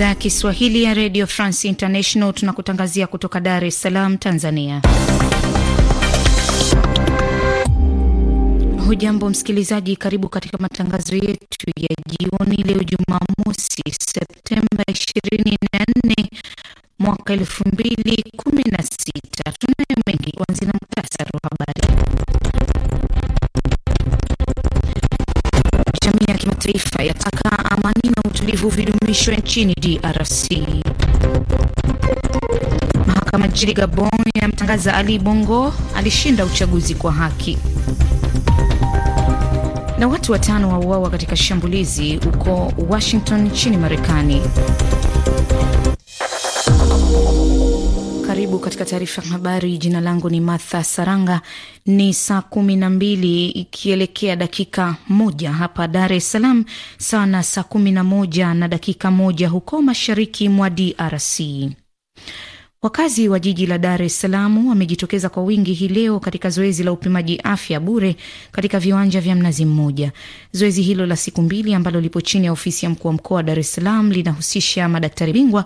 idhaa ya Kiswahili ya Radio France International. Tunakutangazia kutoka Dar es Salaam, Tanzania. Hujambo msikilizaji, karibu katika matangazo yetu ya jioni leo Jumamosi, Septemba 24 mwaka 2016. Tunayo mengi, kuanzia na muhtasari wa habari utulivu vidumishwe nchini DRC. Mahakama jijini Gabon mtangaza Ali Bongo alishinda uchaguzi kwa haki. Na watu watano wauawa katika shambulizi huko Washington nchini Marekani. katika taarifa ya habari. Jina langu ni Martha Saranga. Ni saa kumi na mbili ikielekea dakika moja hapa Dar es Salaam, sawa na saa kumi na moja na dakika moja huko mashariki mwa DRC. Wakazi wa jiji la Dar es Salaam wamejitokeza kwa wingi hii leo katika zoezi la upimaji afya bure katika viwanja vya Mnazi Mmoja. Zoezi hilo la siku mbili ambalo lipo chini ya ofisi ya mkuu wa mkoa wa Dar es Salaam linahusisha madaktari bingwa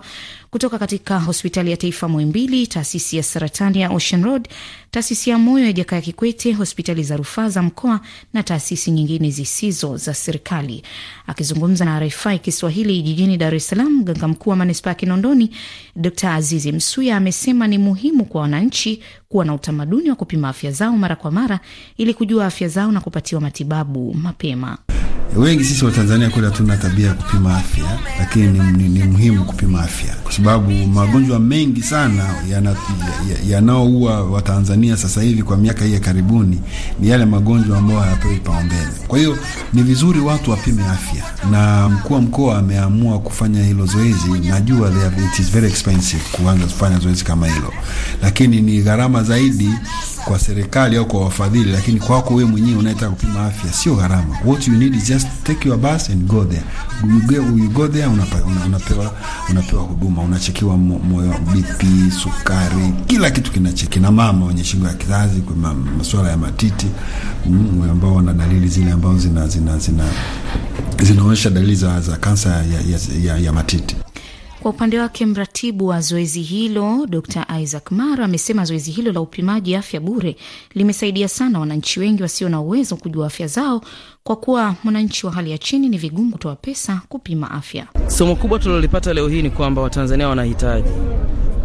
kutoka katika hospitali ya taifa Muhimbili, taasisi ya saratani ya Ocean Road, taasisi ya moyo ya Jakaya Kikwete, hospitali za rufaa za mkoa na taasisi nyingine zisizo za serikali. Akizungumza na RFI Kiswahili jijini Dar es Salaam, mganga mkuu wa manispaa ya Kinondoni Dr Azizi Msuya amesema ni muhimu kwa wananchi kuwa na utamaduni wa kupima afya zao mara kwa mara ili kujua afya zao na kupatiwa matibabu mapema. Wengi sisi Watanzania kule hatuna tabia ya kupima afya, lakini ni, ni, ni muhimu kupima afya kwa sababu magonjwa mengi sana yanaoua ya, ya Watanzania sasa hivi kwa miaka hii ya karibuni ni yale magonjwa ambayo hayapewi paumbele. Kwa hiyo ni vizuri watu wapime afya, na mkuu wa mkoa ameamua kufanya hilo zoezi. Najua it is very expensive kuanza kufanya zoezi kama hilo, lakini ni gharama zaidi kwa serikali au kwa wafadhili, lakini kwako wewe mwenyewe unayetaka kupima afya sio gharama. What you need is just take your bus and go there. You go, you go there unapa, una, unapewa unapewa huduma, unachekiwa moyo, BP, sukari, kila kitu kinacheki na mama wenye shingo ya kizazi kwa masuala ya matiti mm, ambao wana dalili zile ambazo zina zina zina zinaonyesha dalili za, za kansa ya, ya, ya, ya matiti. Kwa upande wake mratibu wa zoezi hilo Dr Isaac Mara amesema zoezi hilo la upimaji afya bure limesaidia sana wananchi wengi wasio na uwezo kujua afya zao, kwa kuwa mwananchi wa hali ya chini ni vigumu kutoa pesa kupima afya. Somo kubwa tulilolipata leo hii ni kwamba Watanzania wanahitaji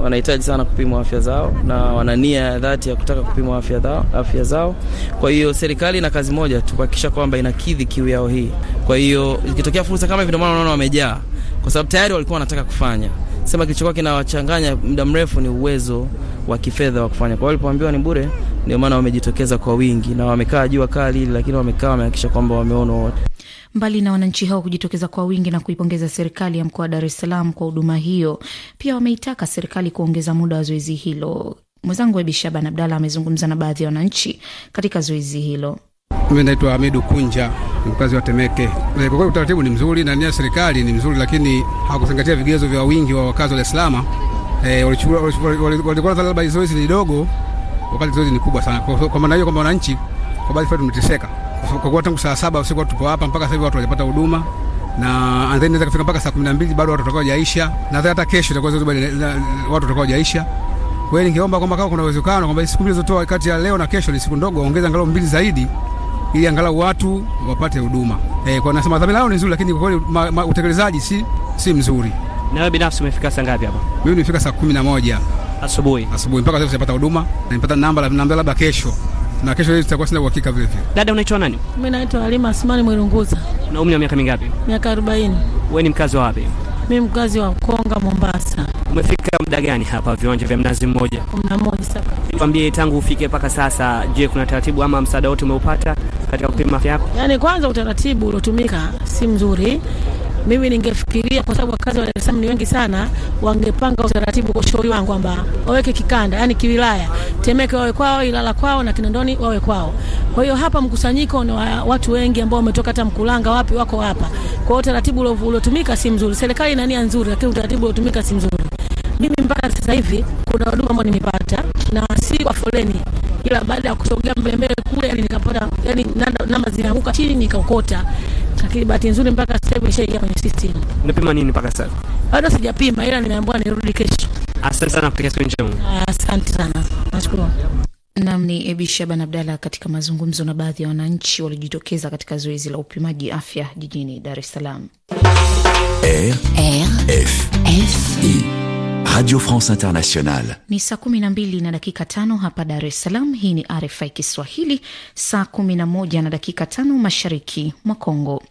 wanahitaji sana kupimwa afya zao na wana nia ya dhati ya kutaka kupimwa afya zao, afya zao. Kwa hiyo serikali ina kazi moja tu, kuhakikisha kwamba inakidhi kiu yao hii. Kwa hiyo ikitokea fursa kama hivi, ndio maana unaona wamejaa kwa sababu tayari walikuwa wanataka kufanya. Sema kilichokuwa kinawachanganya muda mrefu ni uwezo wa kifedha wa kufanya. Kwa hiyo walipoambiwa ni bure, ndio maana wamejitokeza kwa wingi na wamekaa jua kali, lakini wamekaa wamehakikisha kwamba wameona wote. Mbali na wananchi hao kujitokeza kwa wingi na kuipongeza serikali ya mkoa wa Dar es Salaam kwa huduma hiyo, pia wameitaka serikali kuongeza muda wa zoezi hilo. Mwenzangu Ebi Shaban Abdalla amezungumza na baadhi ya wananchi katika zoezi hilo. Mimi naitwa Hamidu Kunja, ni mkazi wa Temeke. Eh, kwa kweli utaratibu ni mzuri na nia serikali ni mzuri, lakini hawakuzingatia vigezo vya wingi wa wakazi wa Dar es Salaam. Eh, walikuwa labda zoezi ni dogo, wakati zoezi ni kubwa sana. Kwa maana hiyo kwa wananchi kwa baadhi tumeteseka kwa kuwa tangu saa saba usiku tupo hapa mpaka sasa hivi watu hawajapata huduma na then inaweza kufika mpaka saa kumi na mbili bado watu watakao jaisha, na hata kesho itakuwa watu watakao jaisha. Kwa hiyo ningeomba kwamba kama kuna uwezekano kwamba siku mbili zotoa kati ya leo na kesho, ni siku ndogo, ongeza angalau mbili zaidi ili angalau watu wapate huduma. E, kwa nasema dhamira yao ni nzuri, lakini kwa kweli utekelezaji si, si mzuri. Na wewe binafsi umefika saa ngapi hapa? Mimi nimefika saa kumi na moja asubuhi asubuhi, mpaka sasa sijapata huduma na nipata namba namba, labda kesho na kesho hii tutakuwa sina uhakika vile vile. Dada, unaitwa nani? Mimi naitwa Halima Asmani Mwirunguza. Una umri wa miaka mingapi? Miaka 40. Wewe ni mkazi wa wapi? Mimi mkazi wa Konga Mombasa. Umefika muda gani hapa viwanja vya Mnazi Mmoja? Mnazi Mmoja sasa. Niambie tangu ufike mpaka sasa, je, kuna taratibu ama msaada wote umeupata? katika kupima afya yako? Yani kwanza utaratibu uliotumika si mzuri. Mimi ningefikiria kwa sababu wakazi wa Dar es Salaam ni wengi sana, wangepanga utaratibu. Kwa ushauri wangu, kwamba waweke kikanda, yani kiwilaya, Temeke wawe kwao, Ilala kwao na Kinondoni wawe kwao. Kwa hiyo hapa mkusanyiko ni wa watu wengi ambao wametoka hata Mkulanga, wapi wako hapa. Kwa hiyo utaratibu uliotumika si mzuri. Serikali ina nia nzuri, lakini utaratibu uliotumika si mzuri. Mimi mpaka sasa hivi kuna huduma ambayo nimepata na si kwa foleni, ila baada ya kusogea mbele mbele kule, yani nikapata yani namba zinaanguka chini nikaokota, lakini bahati nzuri mpaka sasa hivi nishaingia kwenye system. Unapima nini mpaka sasa? Bado sijapima, ila nimeambiwa nirudi kesho. Asante sana kutoka siku njema. Asante sana, nashukuru. Nam ni Ebi Shaban Abdalla katika mazungumzo na baadhi ya wananchi waliojitokeza katika zoezi la upimaji afya jijini Dar es Salaam. RFI Radio France Internationale. Ni saa 12 na dakika tano hapa Dar es Salaam. Hii ni RFI Kiswahili, saa 11 na dakika tano mashariki mwa Kongo.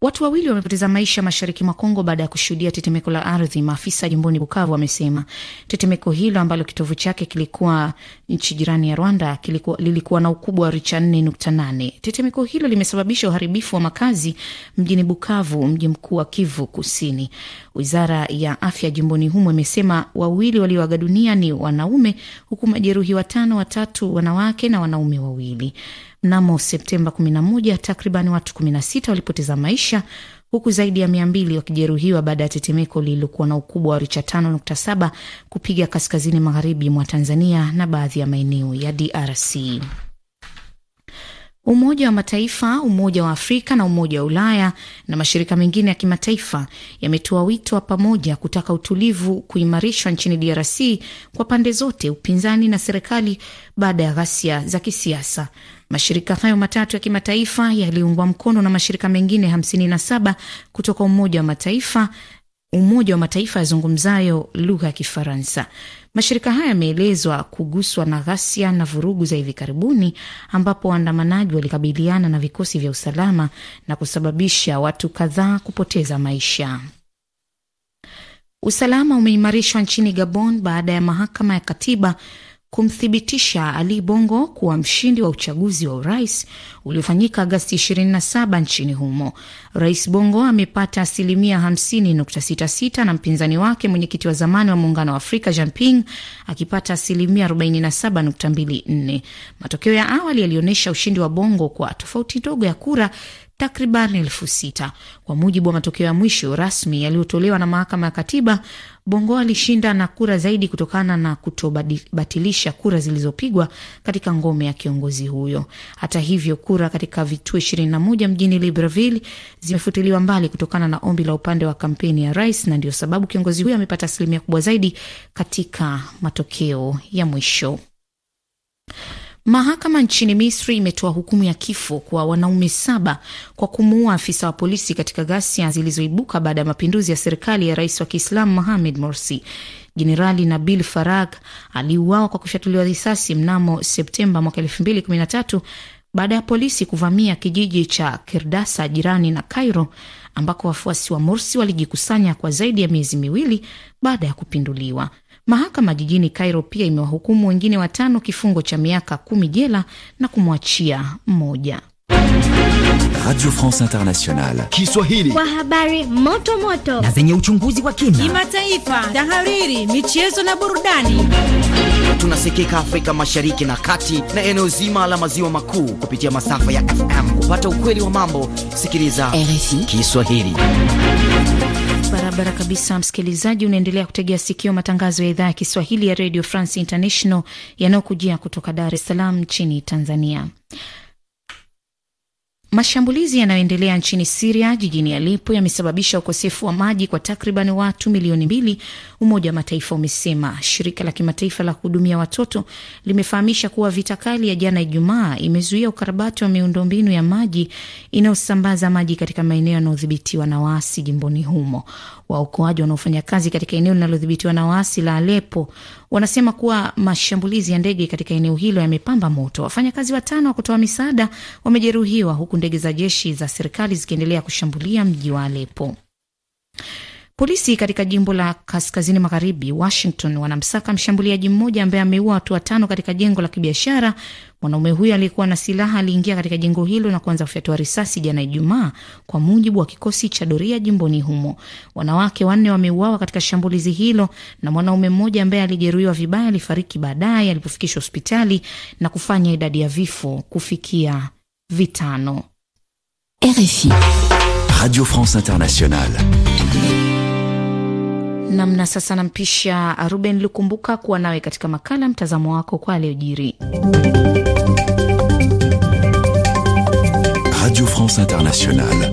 Watu wawili wamepoteza maisha mashariki mwa Kongo baada ya kushuhudia tetemeko la ardhi, maafisa jimboni Bukavu wamesema. Tetemeko hilo ambalo kitovu chake kilikuwa nchi jirani ya Rwanda kilikuwa, lilikuwa na ukubwa wa richa 4.8. Tetemeko hilo limesababisha uharibifu wa makazi mjini Bukavu, mji mkuu wa Kivu Kusini. Wizara ya afya jimboni humo imesema wawili walioaga dunia ni wanaume, huku majeruhi watano, watatu wanawake na wanaume wawili. Mnamo Septemba 11 takriban watu 16 walipoteza maisha huku zaidi ya mia mbili wakijeruhiwa baada ya tetemeko lililokuwa na ukubwa wa richa 5.7 kupiga kaskazini magharibi mwa Tanzania na baadhi ya maeneo ya DRC. Umoja wa Mataifa, Umoja wa Afrika na Umoja wa Ulaya na mashirika mengine ya kimataifa yametoa wito wa pamoja kutaka utulivu kuimarishwa nchini DRC kwa pande zote, upinzani na serikali, baada ya ghasia za kisiasa. Mashirika hayo matatu ya kimataifa yaliungwa mkono na mashirika mengine 57 kutoka Umoja wa Mataifa, Umoja wa Mataifa yazungumzayo lugha ya Kifaransa. Mashirika haya yameelezwa kuguswa na ghasia na vurugu za hivi karibuni ambapo waandamanaji walikabiliana na vikosi vya usalama na kusababisha watu kadhaa kupoteza maisha. Usalama umeimarishwa nchini Gabon baada ya mahakama ya katiba kumthibitisha Ali Bongo kuwa mshindi wa uchaguzi wa urais uliofanyika Agasti 27 nchini humo. Rais Bongo amepata asilimia 50.66 na mpinzani wake mwenyekiti wa zamani wa muungano wa Afrika Jamping akipata asilimia 47.24. Matokeo ya awali yalionyesha ushindi wa Bongo kwa tofauti ndogo ya kura takriban elfu sita kwa mujibu wa matokeo ya mwisho rasmi yaliyotolewa na mahakama ya katiba. Bongo alishinda na kura zaidi kutokana na kutobatilisha kura zilizopigwa katika ngome ya kiongozi huyo. Hata hivyo, kura katika vituo moja mjini Libreville zimefutiliwa mbali kutokana na ombi la upande wa kampeni ya rais, na ndio sababu kiongozi huyo amepata asilimia kubwa zaidi katika matokeo ya mwisho. Mahakama nchini Misri imetoa hukumu ya kifo kwa wanaume saba kwa kumuua afisa wa polisi katika ghasia zilizoibuka baada ya mapinduzi ya serikali ya rais wa Kiislamu Mohamed Morsi. Jenerali Nabil Farag aliuawa kwa kushatuliwa risasi mnamo Septemba mwaka tatu baada ya polisi kuvamia kijiji cha Kirdasa jirani na Cairo ambako wafuasi wa Morsi walijikusanya kwa zaidi ya miezi miwili baada ya kupinduliwa. Mahakama jijini Cairo pia imewahukumu wengine watano kifungo cha miaka kumi jela na kumwachia mmoja. Radio France Internationale Kiswahili kwa habari moto moto na zenye uchunguzi wa kina, kimataifa, tahariri, michezo na burudani. Tunasikika Afrika Mashariki na Kati na eneo zima la maziwa makuu kupitia masafa ya FM. Kupata ukweli wa mambo, sikiliza RFI Kiswahili barabara kabisa, msikilizaji. Unaendelea kutegea sikio matangazo ya idhaa ya Kiswahili ya Radio France International yanayokujia kutoka Dar es Salaam nchini Tanzania. Mashambulizi yanayoendelea nchini Siria, jijini alipo yamesababisha ukosefu wa maji kwa takriban watu milioni mbili, Umoja wa Mataifa umesema. Shirika la kimataifa la kuhudumia watoto limefahamisha kuwa vita kali ya jana Ijumaa imezuia ukarabati wa miundombinu ya maji inayosambaza maji katika maeneo yanayodhibitiwa na waasi jimboni humo. Waokoaji wanaofanya kazi katika eneo linalodhibitiwa na waasi la alepo wanasema kuwa mashambulizi ya ndege katika eneo hilo yamepamba moto. Wafanyakazi watano wa kutoa misaada wamejeruhiwa huku ndege za jeshi za serikali zikiendelea kushambulia mji wa Alepo. Polisi katika jimbo la kaskazini magharibi Washington wanamsaka mshambuliaji mmoja ambaye ameua watu watano katika jengo la kibiashara. Mwanaume huyo aliyekuwa na silaha aliingia katika jengo hilo na kuanza kufyatua risasi jana Ijumaa, kwa mujibu wa kikosi cha doria jimboni humo. Wanawake wanne wameuawa katika shambulizi hilo na mwanaume mmoja ambaye alijeruhiwa vibaya alifariki baadaye alipofikishwa hospitali na kufanya idadi ya vifo kufikia vitano. RFI Radio France Internationale namna. Sasa nampisha Ruben Lukumbuka kuwa nawe katika makala mtazamo wako kwa aliyojiri Radio France Internationale.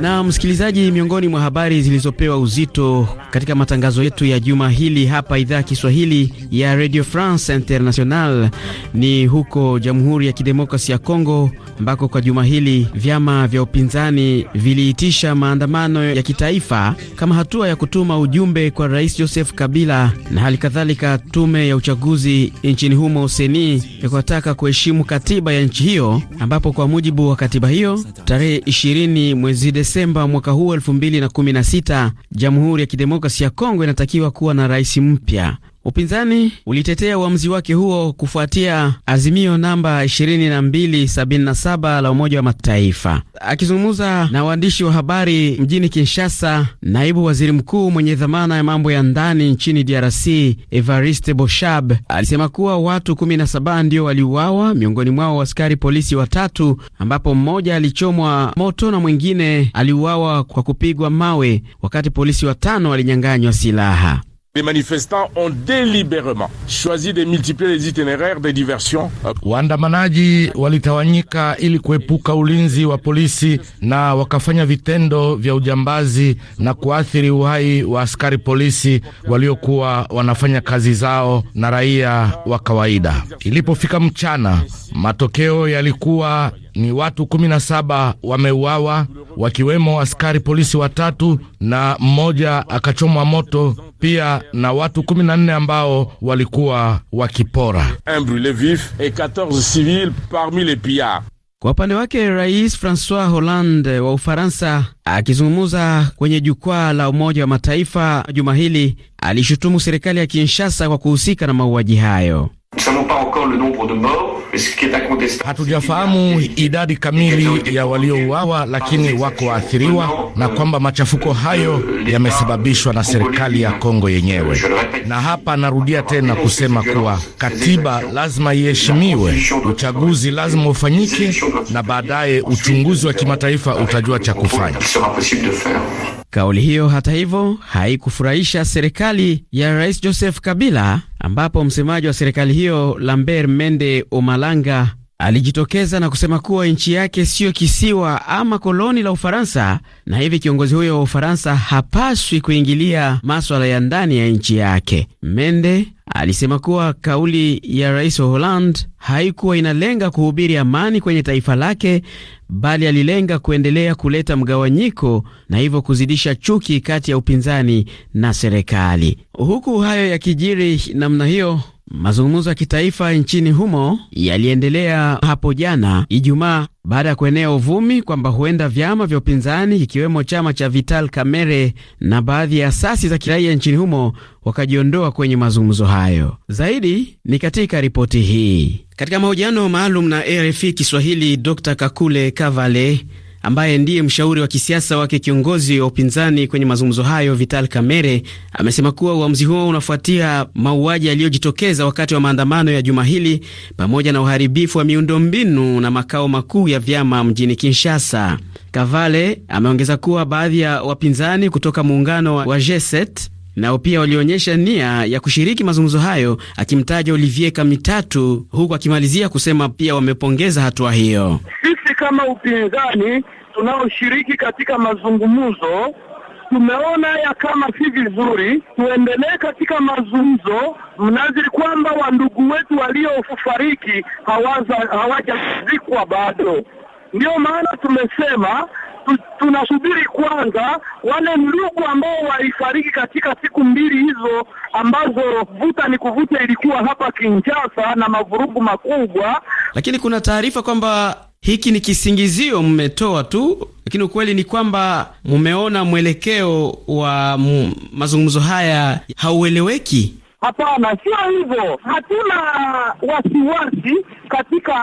Na msikilizaji, miongoni mwa habari zilizopewa uzito katika matangazo yetu ya juma hili hapa idhaa ya Kiswahili ya Radio France international ni huko Jamhuri ya Kidemokrasia ya Kongo ambako kwa juma hili vyama vya upinzani viliitisha maandamano ya kitaifa kama hatua ya kutuma ujumbe kwa Rais Joseph Kabila na hali kadhalika tume ya uchaguzi nchini humo seni ya kuwataka kuheshimu katiba ya nchi hiyo, ambapo kwa mujibu wa katiba hiyo, tarehe 20 mwezi Desemba mwaka huu 2016 Jamhuri ya Kidemokrasi ya Kongo inatakiwa kuwa na rais mpya. Upinzani ulitetea uamuzi wake huo kufuatia azimio namba 2277 la Umoja wa Mataifa. Akizungumza na waandishi wa habari mjini Kinshasa, naibu waziri mkuu mwenye dhamana ya mambo ya ndani nchini DRC Evariste Boshab alisema kuwa watu 17 ndio waliuawa, miongoni mwao askari polisi watatu, ambapo mmoja alichomwa moto na mwingine aliuawa kwa kupigwa mawe, wakati polisi watano walinyang'anywa silaha. Les manifestants ont délibérément choisi de multiplier les itinéraires de diversion. Waandamanaji walitawanyika ili kuepuka ulinzi wa polisi na wakafanya vitendo vya ujambazi na kuathiri uhai wa askari polisi waliokuwa wanafanya kazi zao na raia wa kawaida. Ilipofika mchana, matokeo yalikuwa ni watu 17 wameuawa, wakiwemo askari polisi watatu na mmoja akachomwa moto, pia na watu 14 ambao walikuwa wakipora. Kwa upande wake Rais Francois Hollande wa Ufaransa akizungumza kwenye jukwaa la Umoja wa Mataifa juma hili alishutumu serikali ya Kinshasa kwa kuhusika na mauaji hayo. Hatujafahamu idadi kamili ya waliouawa, lakini wako waathiriwa, na kwamba machafuko hayo yamesababishwa na serikali ya Kongo yenyewe. Na hapa narudia tena kusema kuwa katiba lazima iheshimiwe, uchaguzi lazima ufanyike, na baadaye uchunguzi wa kimataifa utajua cha kufanya. Kauli hiyo hata hivyo haikufurahisha serikali ya Rais Joseph Kabila, ambapo msemaji wa serikali hiyo Lambert Mende Omalanga alijitokeza na kusema kuwa nchi yake siyo kisiwa ama koloni la Ufaransa, na hivi kiongozi huyo wa Ufaransa hapaswi kuingilia maswala ya ndani ya nchi yake. Mende alisema kuwa kauli ya rais wa Holand haikuwa inalenga kuhubiri amani kwenye taifa lake, bali alilenga kuendelea kuleta mgawanyiko na hivyo kuzidisha chuki kati ya upinzani na serikali. Huku hayo yakijiri namna hiyo Mazungumzo ya kitaifa nchini humo yaliendelea hapo jana Ijumaa baada ya kuenea uvumi kwamba huenda vyama vya upinzani ikiwemo chama cha Vital Kamerhe na baadhi ya asasi za kiraia nchini humo wakajiondoa kwenye mazungumzo hayo. Zaidi ni katika ripoti hii. Katika mahojiano maalum na RFI Kiswahili, Dr Kakule Kavale ambaye ndiye mshauri wa kisiasa wake kiongozi wa upinzani kwenye mazungumzo hayo Vital Kamerhe amesema kuwa uamuzi huo unafuatia mauaji yaliyojitokeza wakati wa maandamano ya juma hili pamoja na uharibifu wa miundombinu na makao makuu ya vyama mjini Kinshasa. Kavale ameongeza kuwa baadhi ya wapinzani kutoka muungano wa G7 nao pia walionyesha nia ya kushiriki mazungumzo hayo, akimtaja Olivier Kamitatu, huku akimalizia kusema pia wamepongeza hatua hiyo kama upinzani tunaoshiriki katika mazungumzo tumeona ya kama si vizuri tuendelee katika mazungumzo, mnaziri kwamba wandugu wetu waliofariki hawajazikwa bado. Ndiyo maana tumesema tu, tunasubiri kwanza wale ndugu ambao walifariki katika siku mbili hizo ambazo vuta ni kuvuta ilikuwa hapa Kinshasa na mavurugu makubwa, lakini kuna taarifa kwamba hiki ni kisingizio mmetoa tu, lakini ukweli ni kwamba mmeona mwelekeo wa mazungumzo haya haueleweki. Hapana, sio hivyo. Hatuna wasiwasi katika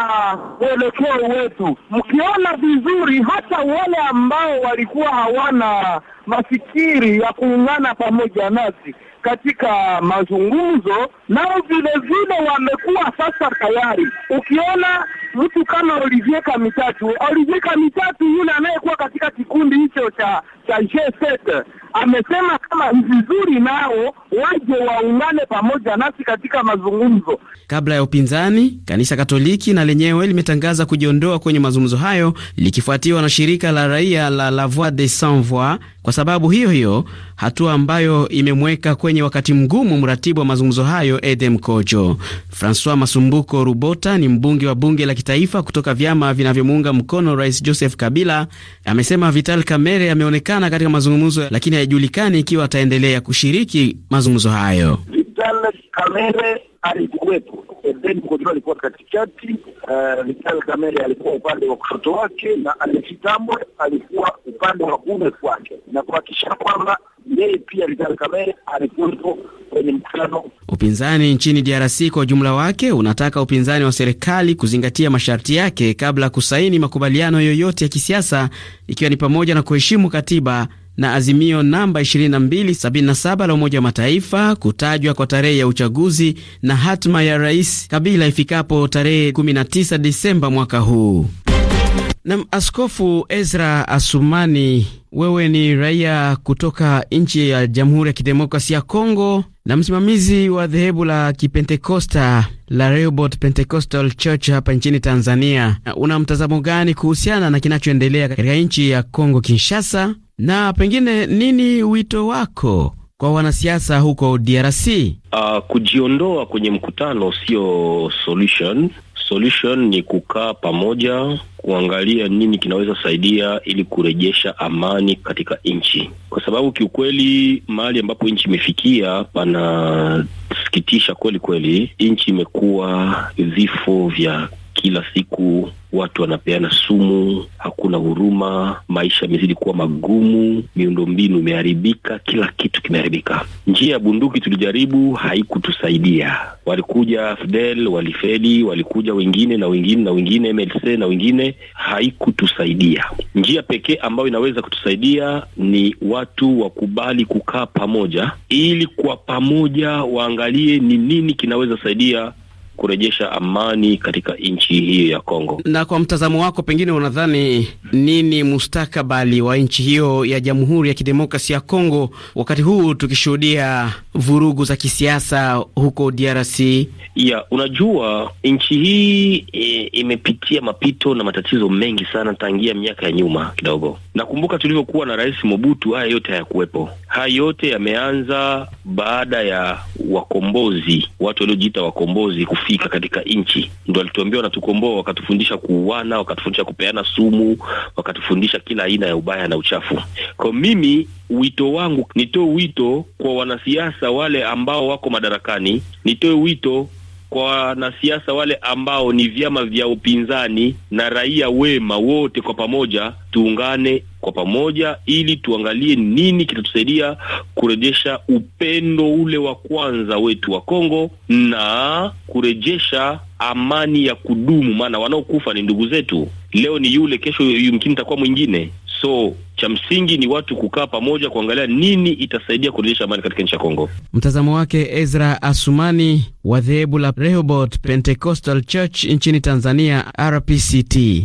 mwelekeo wetu. Mkiona vizuri, hata wale ambao walikuwa hawana mafikiri ya kuungana pamoja nasi katika mazungumzo, nao vilevile wamekuwa sasa tayari. Ukiona mtu kama Olivier Kamitatu. Olivier Kamitatu yule anayekuwa katika kikundi hicho cha cha G7 amesema kama vizuri nao waje waungane pamoja nasi katika mazungumzo. Kabla ya upinzani, kanisa Katoliki na lenyewe limetangaza kujiondoa kwenye mazungumzo hayo likifuatiwa na shirika la raia la La Voix des Sans Voix kwa sababu hiyo hiyo, hatua ambayo imemweka kwenye wakati mgumu mratibu wa mazungumzo hayo Edem Kojo. Francois Masumbuko Rubota ni mbunge wa bunge la kitaifa kutoka vyama vinavyomuunga mkono Rais Joseph Kabila amesema Vital Kamerhe ameonekana katika mazungumzo, lakini haijulikani ikiwa ataendelea kushiriki mazungumzo hayo. Vital Kamerhe alikuwepo Eden eh, Mkodro alikuwa katikati, Vital eh, uh, Kamere alikuwa upande wa kushoto wake na Alexis Tambwe alikuwa upande wa kume kwake, na kuhakikisha kwamba yeye pia Vital Kamere alikuwepo kwenye mkutano. Upinzani nchini DRC kwa ujumla wake unataka upinzani wa serikali kuzingatia masharti yake kabla ya kusaini makubaliano yoyote ya kisiasa, ikiwa ni pamoja na kuheshimu katiba na azimio namba 2277 la Umoja wa Mataifa kutajwa kwa tarehe ya uchaguzi na hatima ya Rais Kabila ifikapo tarehe 19 Disemba mwaka huu. Na Askofu Ezra Asumani, wewe ni raia kutoka nchi ya Jamhuri ya Kidemokrasia ya Kongo na msimamizi wa dhehebu la Kipentekosta la Rehoboth Pentecostal Church hapa nchini Tanzania. Una mtazamo gani kuhusiana na kinachoendelea katika nchi ya Kongo Kinshasa na pengine nini wito wako kwa wanasiasa huko DRC? Uh, ah, kujiondoa kwenye mkutano sio solution. Solution ni kukaa pamoja, kuangalia nini kinaweza saidia ili kurejesha amani katika nchi, kwa sababu kiukweli mahali ambapo nchi imefikia panasikitisha kweli kweli. Nchi imekuwa vifo vya kila siku watu wanapeana sumu, hakuna huruma, maisha yamezidi kuwa magumu, miundombinu imeharibika, kila kitu kimeharibika. Njia ya bunduki tulijaribu, haikutusaidia. Walikuja Fidel, walifeli, walikuja wengine na wengine na wengine, MLC na wengine, haikutusaidia. Njia pekee ambayo inaweza kutusaidia ni watu wakubali kukaa pamoja, ili kwa pamoja waangalie ni nini kinaweza saidia kurejesha amani katika nchi hiyo ya Kongo. Na kwa mtazamo wako, pengine unadhani nini mustakabali wa nchi hiyo ya Jamhuri ya Kidemokrasi ya Kongo wakati huu tukishuhudia vurugu za kisiasa huko DRC? Ya, unajua nchi hii e, imepitia mapito na matatizo mengi sana tangia miaka ya nyuma kidogo. Nakumbuka tulivyokuwa na Rais Mobutu, haya yote hayakuwepo. Haya yote yameanza baada ya wakombozi, watu waliojiita wakombozi kufika katika nchi. Ndo alituambia wanatukomboa, wakatufundisha kuuana, wakatufundisha kupeana sumu, wakatufundisha kila aina ya ubaya na uchafu. Kwa mimi wito wangu nitoe wito kwa wanasiasa wale ambao wako madarakani, nitoe wito kwa wanasiasa wale ambao ni vyama vya upinzani na raia wema wote kwa pamoja tuungane kwa pamoja ili tuangalie nini kitatusaidia kurejesha upendo ule wa kwanza wetu wa Kongo na kurejesha amani ya kudumu, maana wanaokufa ni ndugu zetu. Leo ni yule, kesho yumkini itakuwa mwingine. So cha msingi ni watu kukaa pamoja kuangalia nini itasaidia kurejesha amani katika nchi ya Kongo. Mtazamo wake Ezra Asumani wa dhehebu la Rehoboth Pentecostal Church nchini Tanzania, RPCT.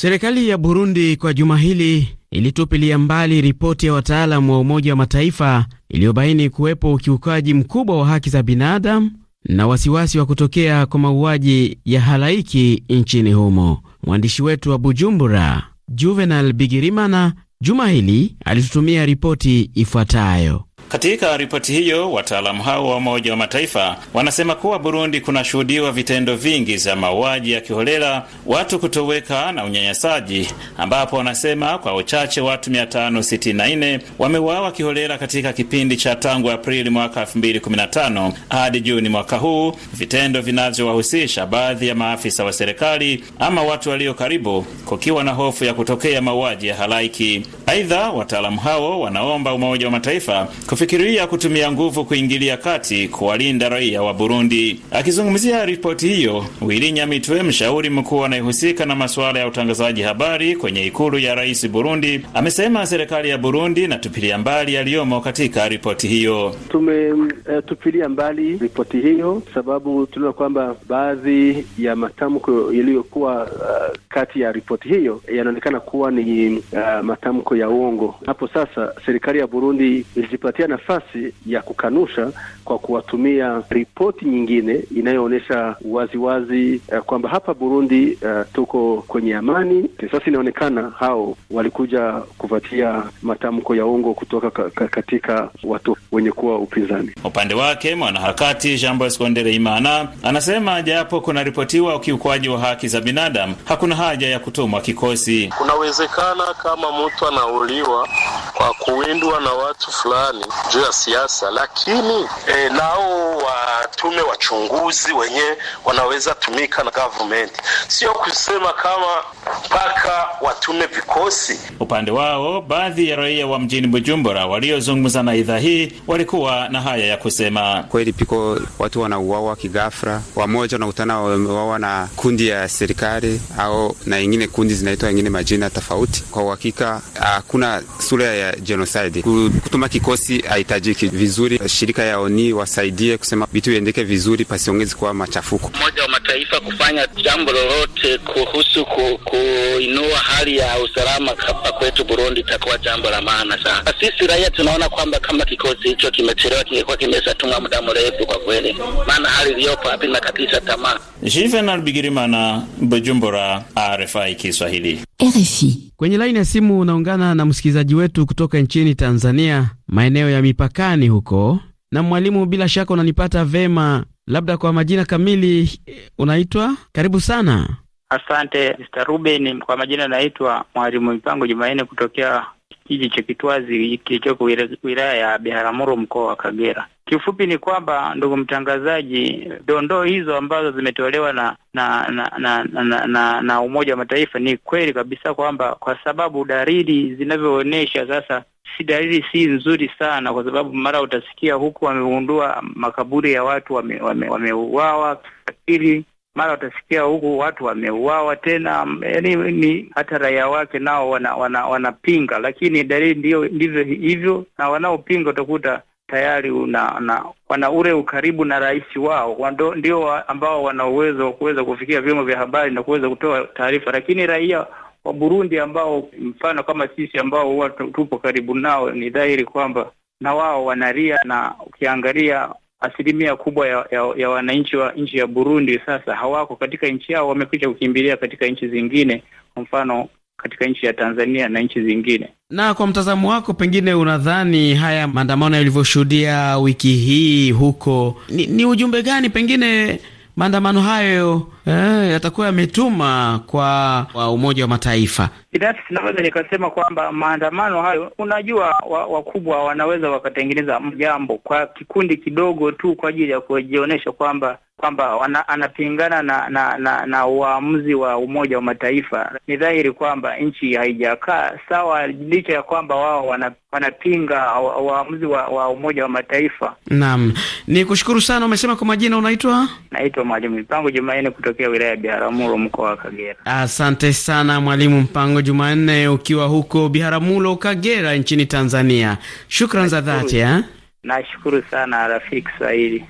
Serikali ya Burundi kwa juma hili ilitupilia mbali ripoti ya wataalamu wa Umoja wa Mataifa iliyobaini kuwepo ukiukaji mkubwa wa haki za binadamu na wasiwasi wa kutokea kwa mauaji ya halaiki nchini humo. Mwandishi wetu wa Bujumbura, Juvenal Bigirimana, juma hili alitutumia ripoti ifuatayo. Katika ripoti hiyo, wataalamu hao wa Umoja wa Mataifa wanasema kuwa Burundi kunashuhudiwa vitendo vingi vya mauaji ya kiholela, watu kutoweka na unyanyasaji, ambapo wanasema kwa uchache watu 564 wameuawa kiholela katika kipindi cha tangu Aprili mwaka 2015 hadi Juni mwaka huu, vitendo vinavyowahusisha baadhi ya maafisa wa serikali ama watu walio karibu, kukiwa na hofu ya kutokea mauaji ya halaiki. Aidha, wataalamu hao wanaomba Umoja wa Mataifa kufikiria kutumia nguvu kuingilia kati kuwalinda raia wa Burundi. Akizungumzia ripoti hiyo, Wilinya Nyamitwe, mshauri mkuu anayehusika na masuala ya utangazaji habari kwenye ikulu ya rais Burundi, amesema serikali ya Burundi inatupilia mbali yaliyomo katika ripoti hiyo. Tumetupilia eh, uh, mbali ripoti hiyo sababu tunaona kwamba baadhi ya matamko yaliyokuwa uh, kati ya ripoti hiyo yanaonekana kuwa ni uh, matamko ya uongo. Hapo sasa serikali ya Burundi ilijipatia nafasi ya kukanusha kwa kuwatumia ripoti nyingine inayoonyesha waziwazi uh, kwamba hapa Burundi uh, tuko kwenye amani. Sasa inaonekana hao walikuja kuvatia matamko ya ungo kutoka ka, katika watu wenye kuwa upinzani. Upande wake mwanaharakati Jean Bosco Ndereimana anasema japo kunaripotiwa ukiukwaji wa haki za binadamu, hakuna haja ya kutumwa kikosi. Kunawezekana kama mtu anauliwa kwa kuwindwa na watu fulani, juu ya siasa, lakini eh, nao watume wachunguzi wenyewe wanaweza tumika na government, sio kusema kama mpaka watume vikosi. Upande wao, baadhi ya raia wa mjini Bujumbura waliozungumza na idhaa hii walikuwa na haya ya kusema: kweli piko watu wanauawa kigafra, wamoja wanakutana wameuawa na kundi ya serikali au na ingine kundi zinaitwa ingine majina tofauti. Kwa uhakika hakuna sura ya genocide. Kutuma kikosi haitajiki vizuri, shirika ya oni wasaidie kusema vitu viendeke vizuri, pasiongezi kuwa machafuko. Umoja wa Mataifa kufanya jambo lolote kuhusu ku, ku kuinua hali ya usalama hapa kwetu Burundi itakuwa jambo la maana sana. Sisi raia tunaona kwamba kama kikosi hicho kimechelewa, kingekuwa kimeshatumwa muda mrefu kwa kweli, maana hali iliyopo hapina kabisa tamaa. Juvenal Bigirimana, Bujumbura, RFI Kiswahili. RFI. Kwenye laini ya simu unaungana na msikilizaji wetu kutoka nchini Tanzania, maeneo ya mipakani huko. Na mwalimu, bila shaka unanipata vema, labda kwa majina kamili eh, unaitwa? Karibu sana. Asante Mr. Ruben. Kwa majina naitwa Mwalimu Mipango Jumanne kutokea kijiji cha Kitwazi kilichoko wilaya ya Biharamulo mkoa wa Kagera. Kifupi ni kwamba, ndugu mtangazaji, dondoo hizo ambazo zimetolewa na na na na, na, na, na Umoja wa Mataifa ni kweli kabisa kwamba kwa sababu dalili zinavyoonyesha sasa si dalili si nzuri sana, kwa sababu mara utasikia huku wamegundua makaburi ya watu wameuawa wame, wame mara watasikia huku watu wameuawa tena, yaani ni hata raia wake nao wanapinga wana, wana, lakini dalili ndio ndivyo hivyo, na wanaopinga utakuta tayari una, na, wana ule ukaribu na rais wao Wando, ndio wa, ambao wana uwezo wa kuweza kufikia vyombo vya habari na kuweza kutoa taarifa, lakini raia wa Burundi ambao mfano kama sisi ambao huwa tupo karibu nao, ni dhahiri kwamba na wao wanalia, na ukiangalia asilimia kubwa ya, ya, ya wananchi wa nchi ya Burundi sasa hawako katika nchi yao, wamekwisha kukimbilia katika nchi zingine, kwa mfano katika nchi ya Tanzania na nchi zingine. Na kwa mtazamo wako, pengine unadhani haya maandamano yalivyoshuhudia wiki hii huko ni, ni ujumbe gani pengine maandamano hayo eh, yatakuwa yametuma kwa wa Umoja wa Mataifa. Binafsi naweza nikasema kwamba maandamano hayo, unajua, wakubwa wa wanaweza wakatengeneza jambo kwa kikundi kidogo tu kwa ajili ya kujionyesha kwamba kwamba anapingana na na, na na uamuzi wa Umoja wa Mataifa. Ni dhahiri kwamba nchi haijakaa sawa, licha ya kwamba wao wanapinga uamuzi wa, wa Umoja wa Mataifa. Naam, ni kushukuru sana. Umesema kwa majina unaitwa? Naitwa Mwalimu Mpango Jumanne kutokea wilaya ya Biharamulo mkoa wa Kagera. Asante sana Mwalimu Mpango Jumanne, ukiwa huko Biharamulo Kagera nchini Tanzania. Shukran za dhati. Eh? Nashukuru sana rafiki Kiswahili.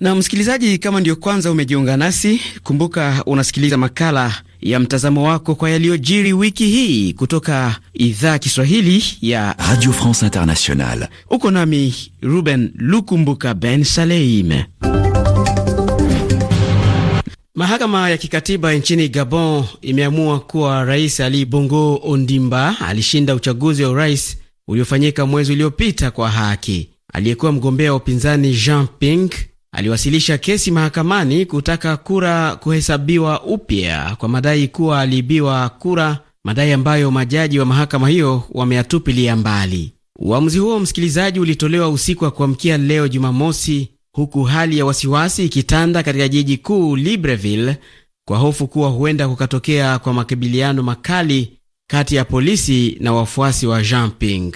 Na msikilizaji, kama ndio kwanza umejiunga nasi, kumbuka unasikiliza makala ya mtazamo wako kwa yaliyojiri wiki hii kutoka idhaa Kiswahili ya Radio France Internationale. Uko nami Ruben Lukumbuka Ben Saleim. Mahakama ya kikatiba nchini Gabon imeamua kuwa Rais Ali Bongo Ondimba alishinda uchaguzi wa urais uliofanyika mwezi uliopita kwa haki. Aliyekuwa mgombea wa upinzani Jean Ping aliwasilisha kesi mahakamani kutaka kura kuhesabiwa upya kwa madai kuwa aliibiwa kura, madai ambayo majaji wa mahakama hiyo wameyatupilia mbali. Uamuzi huo, msikilizaji, ulitolewa usiku wa kuamkia leo Jumamosi, huku hali ya wasiwasi ikitanda katika jiji kuu Libreville kwa hofu kuwa huenda kukatokea kwa makabiliano makali kati ya polisi na wafuasi wa Jean Ping.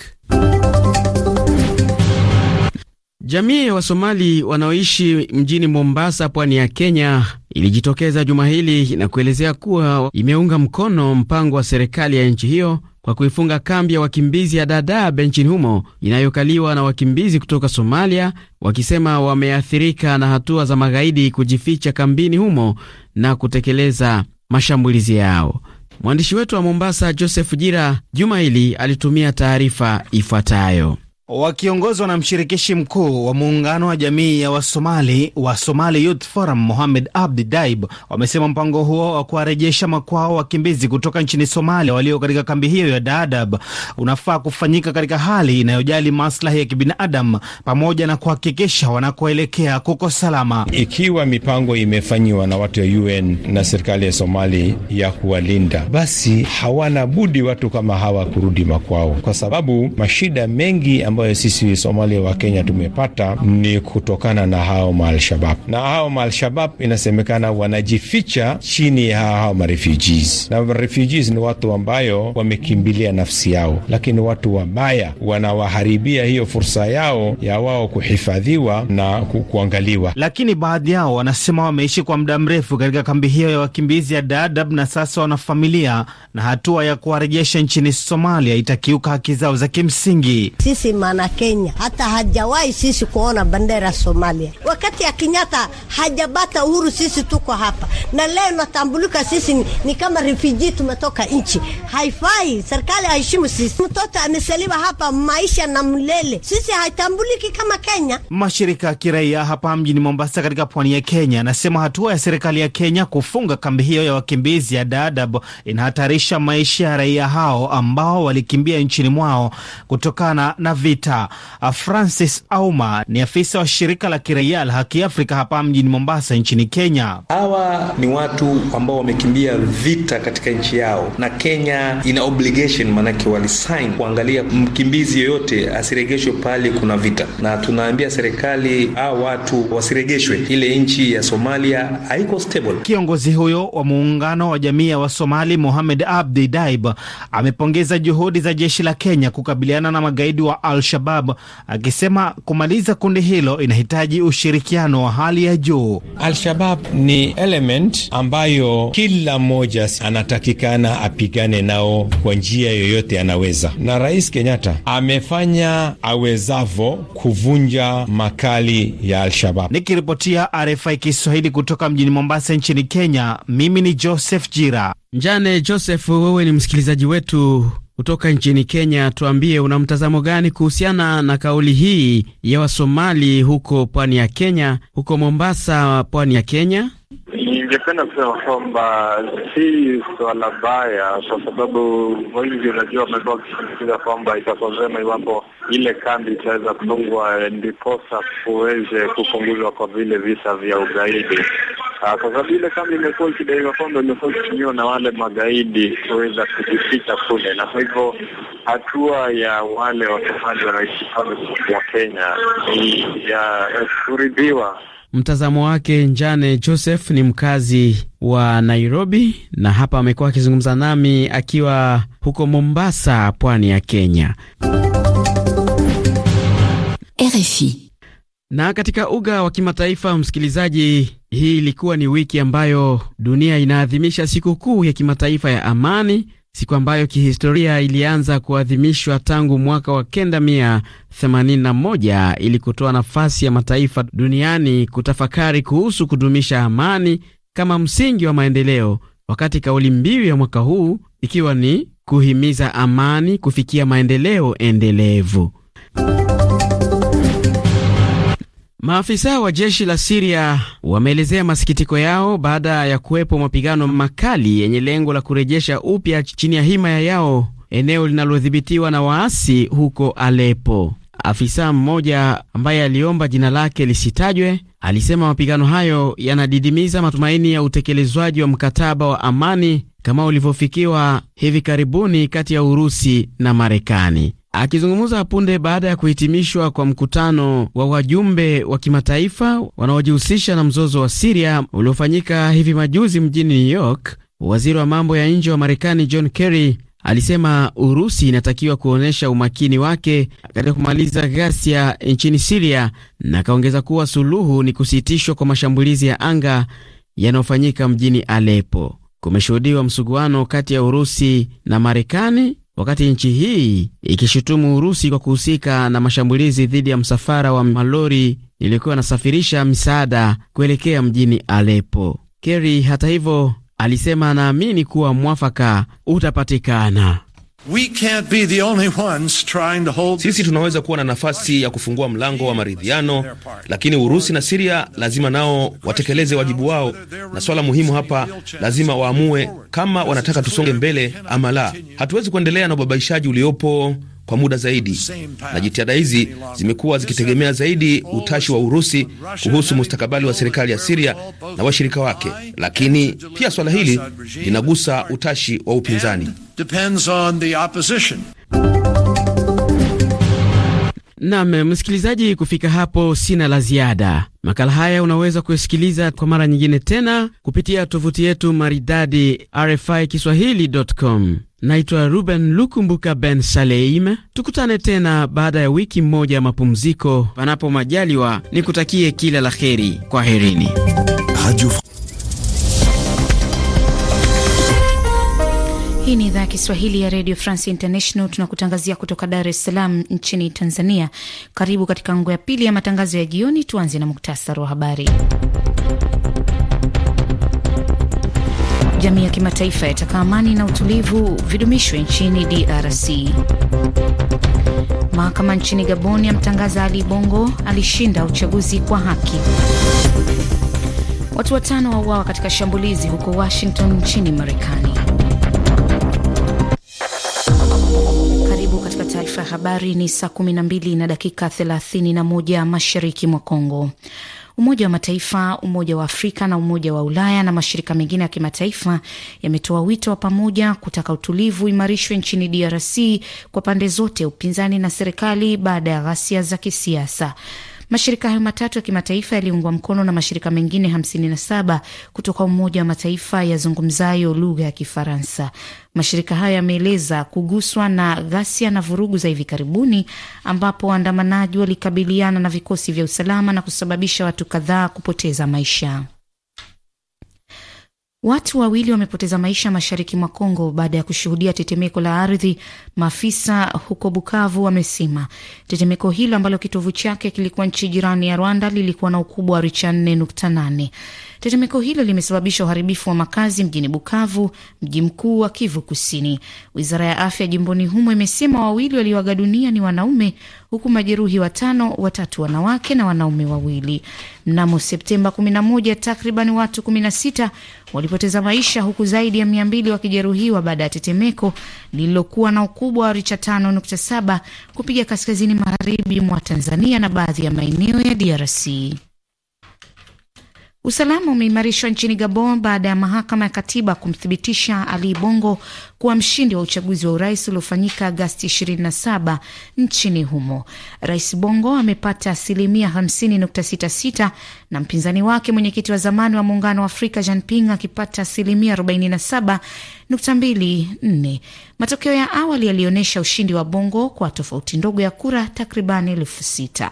Jamii ya Wasomali wanaoishi mjini Mombasa, pwani ya Kenya, ilijitokeza juma hili na kuelezea kuwa imeunga mkono mpango wa serikali ya nchi hiyo kwa kuifunga kambi ya wakimbizi ya Dadaab nchini humo inayokaliwa na wakimbizi kutoka Somalia, wakisema wameathirika na hatua za magaidi kujificha kambini humo na kutekeleza mashambulizi yao. Mwandishi wetu wa Mombasa, Joseph Jira, juma hili alitumia taarifa ifuatayo wakiongozwa na mshirikishi mkuu wa muungano wa jamii ya Wasomali wa Somali Youth Forum, Mohamed Abdi Daib, wamesema mpango huo wa kuwarejesha makwao wakimbizi kutoka nchini Somalia walio katika kambi hiyo ya Dadaab unafaa kufanyika katika hali inayojali maslahi ya kibinadamu pamoja na kuhakikisha wanakoelekea kuko salama. Ikiwa mipango imefanyiwa na watu ya UN na serikali ya Somali ya kuwalinda, basi hawana budi watu kama hawa kurudi makwao, kwa sababu mashida mengi ambayo sisi Somalia wa Kenya tumepata ni kutokana na hao maalshabab, na hao maalshabab inasemekana wanajificha chini ya hao marefugees, na refugees ni watu ambayo wamekimbilia nafsi yao, lakini watu wabaya wanawaharibia hiyo fursa yao ya wao kuhifadhiwa na kuangaliwa. Lakini baadhi yao wanasema wameishi kwa muda mrefu katika kambi hiyo ya wakimbizi ya Dadaab na sasa wana familia, na hatua ya kuwarejesha nchini Somalia itakiuka haki zao za kimsingi. Sisi ma maana Kenya hata hajawahi sisi kuona bendera ya Somalia. Wakati ya Kenyatta hajabata uhuru, sisi tuko hapa na leo natambulika sisi ni, ni kama refugee tumetoka nchi. Haifai serikali aheshimu sisi. Mtoto amesaliwa hapa maisha na mlele, sisi haitambuliki kama Kenya. Mashirika ya kiraia hapa mjini Mombasa katika pwani ya Kenya anasema hatua ya serikali ya Kenya kufunga kambi hiyo ya wakimbizi ya Dadaab inahatarisha maisha ya raia hao ambao walikimbia nchini mwao kutokana na vita iliyopita. Uh, Francis Auma ni afisa wa shirika la kiraia la Haki Afrika hapa mjini Mombasa nchini Kenya. Hawa ni watu ambao wamekimbia vita katika nchi yao, na Kenya ina obligation, maanake walisain kuangalia mkimbizi yoyote asiregeshwe pale kuna vita, na tunaambia serikali hawa watu wasiregeshwe. Ile nchi ya Somalia haiko stable. Kiongozi huyo wa muungano wa jamii ya Wasomali Mohamed Abdi Daib amepongeza juhudi za jeshi la Kenya kukabiliana na magaidi wa al Al-Shabab, akisema kumaliza kundi hilo inahitaji ushirikiano wa hali ya juu. Al-Shabab ni element ambayo kila mmoja anatakikana apigane nao kwa njia yoyote anaweza, na Rais Kenyatta amefanya awezavo kuvunja makali ya Al-Shabab. Nikiripotia RFI Kiswahili kutoka mjini Mombasa nchini Kenya, mimi ni Joseph Jira. Njane Joseph, wewe ni msikilizaji wetu kutoka nchini Kenya, tuambie una mtazamo gani kuhusiana na kauli hii ya Wasomali huko pwani ya Kenya, huko Mombasa, pwani ya Kenya? Ningependa kusema kwamba si swala baya, kwa sababu wengi unajua wamekuwa wakisisitiza kwamba itakuwa vema iwapo ile kambi itaweza kufungwa, ndiposa kuweze kupunguzwa kwa vile visa vya ugaidi, ah, kwa sababu ile kambi imekuwa ikidaiwa kwamba imekuwa ikitumiwa na wale magaidi kuweza kujificha kule, na kwa hivyo hatua ya wale watemaji wanaishi wa Kenya ni ya kuridhiwa. Mtazamo wake Njane Joseph ni mkazi wa Nairobi na hapa amekuwa akizungumza nami akiwa huko Mombasa, pwani ya Kenya. RFI. Na katika uga wa kimataifa msikilizaji, hii ilikuwa ni wiki ambayo dunia inaadhimisha sikukuu ya kimataifa ya amani siku ambayo kihistoria ilianza kuadhimishwa tangu mwaka wa kenda mia themanini na moja ili kutoa nafasi ya mataifa duniani kutafakari kuhusu kudumisha amani kama msingi wa maendeleo, wakati kauli mbiu ya mwaka huu ikiwa ni kuhimiza amani kufikia maendeleo endelevu. Maafisa wa jeshi la Siria wameelezea masikitiko yao baada ya kuwepo mapigano makali yenye lengo la kurejesha upya chini ya himaya yao eneo linalodhibitiwa na waasi huko Alepo. Afisa mmoja ambaye aliomba jina lake lisitajwe alisema mapigano hayo yanadidimiza matumaini ya utekelezwaji wa mkataba wa amani kama ulivyofikiwa hivi karibuni kati ya Urusi na Marekani. Akizungumza punde baada ya kuhitimishwa kwa mkutano wa wajumbe wa kimataifa wanaojihusisha na mzozo wa Siria uliofanyika hivi majuzi mjini New York, waziri wa mambo ya nje wa Marekani John Kerry alisema Urusi inatakiwa kuonyesha umakini wake katika kumaliza ghasia nchini Siria, na akaongeza kuwa suluhu ni kusitishwa kwa mashambulizi ya anga yanayofanyika mjini alepo Kumeshuhudiwa msuguano kati ya Urusi na Marekani wakati nchi hii ikishutumu Urusi kwa kuhusika na mashambulizi dhidi ya msafara wa malori iliyokuwa inasafirisha misaada kuelekea mjini alepo Kerry hata hivyo alisema anaamini kuwa mwafaka utapatikana. Sisi tunaweza kuwa na nafasi ya kufungua mlango wa maridhiano, lakini Urusi na Siria lazima nao watekeleze wajibu wao, na swala muhimu hapa, lazima waamue kama wanataka tusonge mbele ama la. Hatuwezi kuendelea na ubabaishaji uliopo kwa muda zaidi, na jitihada hizi zimekuwa zikitegemea zaidi utashi wa Urusi kuhusu mustakabali wa serikali ya Siria na washirika wake, lakini pia swala hili linagusa utashi wa upinzani. Nam msikilizaji, kufika hapo sina la ziada. Makala haya unaweza kuyasikiliza kwa mara nyingine tena kupitia tovuti yetu maridadi RFI Kiswahili.com. Naitwa Ruben Lukumbuka Ben Saleim. Tukutane tena baada ya wiki moja ya mapumziko, panapo majaliwa. Nikutakie kila la heri, kwa herini Hii ni idhaa ya Kiswahili ya Radio France International, tunakutangazia kutoka Dar es Salaam nchini Tanzania. Karibu katika ngo ya pili ya matangazo ya jioni. Tuanze na muktasari wa habari. Jamii ya kimataifa yataka amani na utulivu vidumishwe nchini DRC. Mahakama nchini Gabon yamtangaza Ali Bongo alishinda uchaguzi kwa haki. Watu watano wauawa katika shambulizi huko Washington nchini Marekani. habari ni saa 12 na dakika moja mashariki mwa Kongo. Umoja wa Mataifa, Umoja wa Afrika na Umoja wa Ulaya na mashirika mengine ya kimataifa yametoa wito wa pamoja kutaka utulivu uimarishwe nchini DRC kwa pande zote, upinzani na serikali, baada ya ghasia za kisiasa. Mashirika hayo matatu ya kimataifa yaliungwa mkono na mashirika mengine 57 kutoka Umoja wa Mataifa yazungumzayo lugha ya Kifaransa. Mashirika hayo yameeleza kuguswa na ghasia na vurugu za hivi karibuni ambapo waandamanaji walikabiliana na vikosi vya usalama na kusababisha watu kadhaa kupoteza maisha. Watu wawili wamepoteza maisha mashariki mwa Kongo baada ya kushuhudia tetemeko la ardhi, maafisa huko Bukavu wamesema. Tetemeko hilo ambalo kitovu chake kilikuwa nchi jirani ya Rwanda lilikuwa na ukubwa wa richa 4.8. Tetemeko hilo limesababisha uharibifu wa makazi mjini Bukavu, mji mkuu wa Kivu Kusini. Wizara ya afya jimboni humo imesema wawili walioaga dunia ni wanaume, huku majeruhi watano, watatu wanawake na wanaume wawili. Mnamo Septemba 11 takriban watu 16 walipoteza maisha, huku zaidi ya 200 wakijeruhiwa baada ya tetemeko lililokuwa na ukubwa wa richa 5.7 kupiga kaskazini magharibi mwa Tanzania na baadhi ya maeneo ya DRC. Usalama umeimarishwa nchini Gabon baada ya mahakama ya katiba kumthibitisha Ali Bongo kuwa mshindi wa uchaguzi wa urais uliofanyika Agasti 27 nchini humo. Rais Bongo amepata asilimia 50.66 na mpinzani wake mwenyekiti wa zamani wa muungano wa Afrika Jean Ping akipata asilimia 47.24. Matokeo ya awali yalionyesha ushindi wa Bongo kwa tofauti ndogo ya kura takriban elfu sita.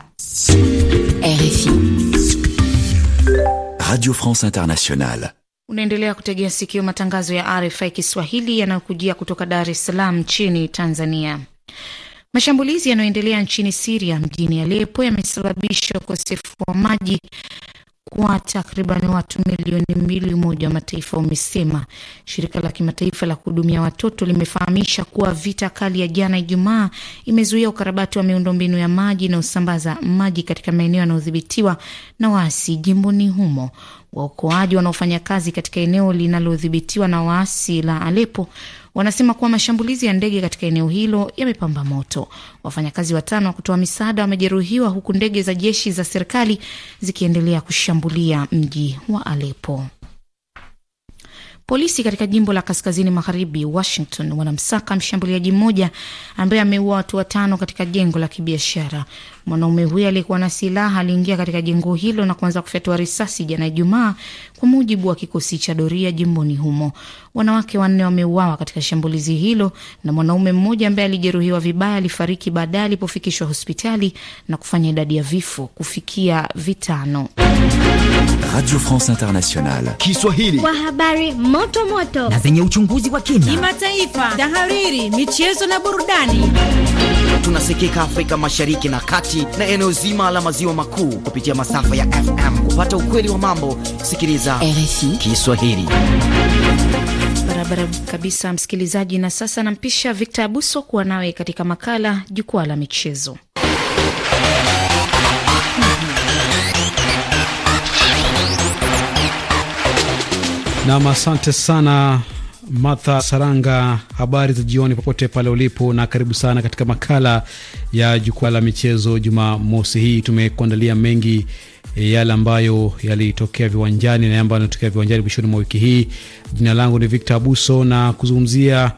Radio France Internationale. Unaendelea kutegea sikio matangazo ya RFI Kiswahili yanayokujia kutoka Dar es Salaam nchini Tanzania. Mashambulizi yanayoendelea nchini Siria mjini Aleppo yamesababisha ukosefu wa maji kuwa takriban watu milioni mbili. Umoja wa Mataifa umesema. Shirika la kimataifa la kuhudumia watoto limefahamisha kuwa vita kali ya jana Ijumaa imezuia ukarabati wa miundombinu ya maji na usambaza maji katika maeneo yanayodhibitiwa na waasi jimboni humo. Waokoaji wanaofanya kazi katika eneo linalodhibitiwa na waasi la Alepo wanasema kuwa mashambulizi ya ndege katika eneo hilo yamepamba moto. Wafanyakazi watano wa kutoa misaada wamejeruhiwa huku ndege za jeshi za serikali zikiendelea kushambulia mji wa Alepo. Polisi katika jimbo la kaskazini magharibi Washington wanamsaka mshambuliaji mmoja ambaye ameua watu watano katika jengo la kibiashara. Mwanaume huyo aliyekuwa na silaha aliingia katika jengo hilo na kuanza kufyatua risasi jana Ijumaa, kwa mujibu wa kikosi cha doria jimboni humo. Wanawake wanne wameuawa katika shambulizi hilo na mwanaume mmoja ambaye alijeruhiwa vibaya alifariki baadaye alipofikishwa hospitali na kufanya idadi ya vifo kufikia vitano. Radio France Internationale Kiswahili kwa habari moto moto na zenye uchunguzi wa kina, kimataifa, tahariri, michezo na burudani. Tunasikika Afrika Mashariki na Kati nchi na eneo zima la maziwa makuu kupitia masafa ya FM. Kupata ukweli wa mambo, sikiliza RFI Kiswahili barabara kabisa, msikilizaji. Na sasa nampisha Victor Abuso kuwa nawe katika makala jukwaa la michezo. Nam, asante sana Martha Saranga, habari za jioni popote pale ulipo, na karibu sana katika makala ya jukwaa la michezo Jumamosi hii. Tumekuandalia mengi e, yale ambayo yalitokea viwanjani na ambayo yanatokea viwanjani mwishoni mwa wiki hii. Jina langu ni Victor Abuso na kuzungumzia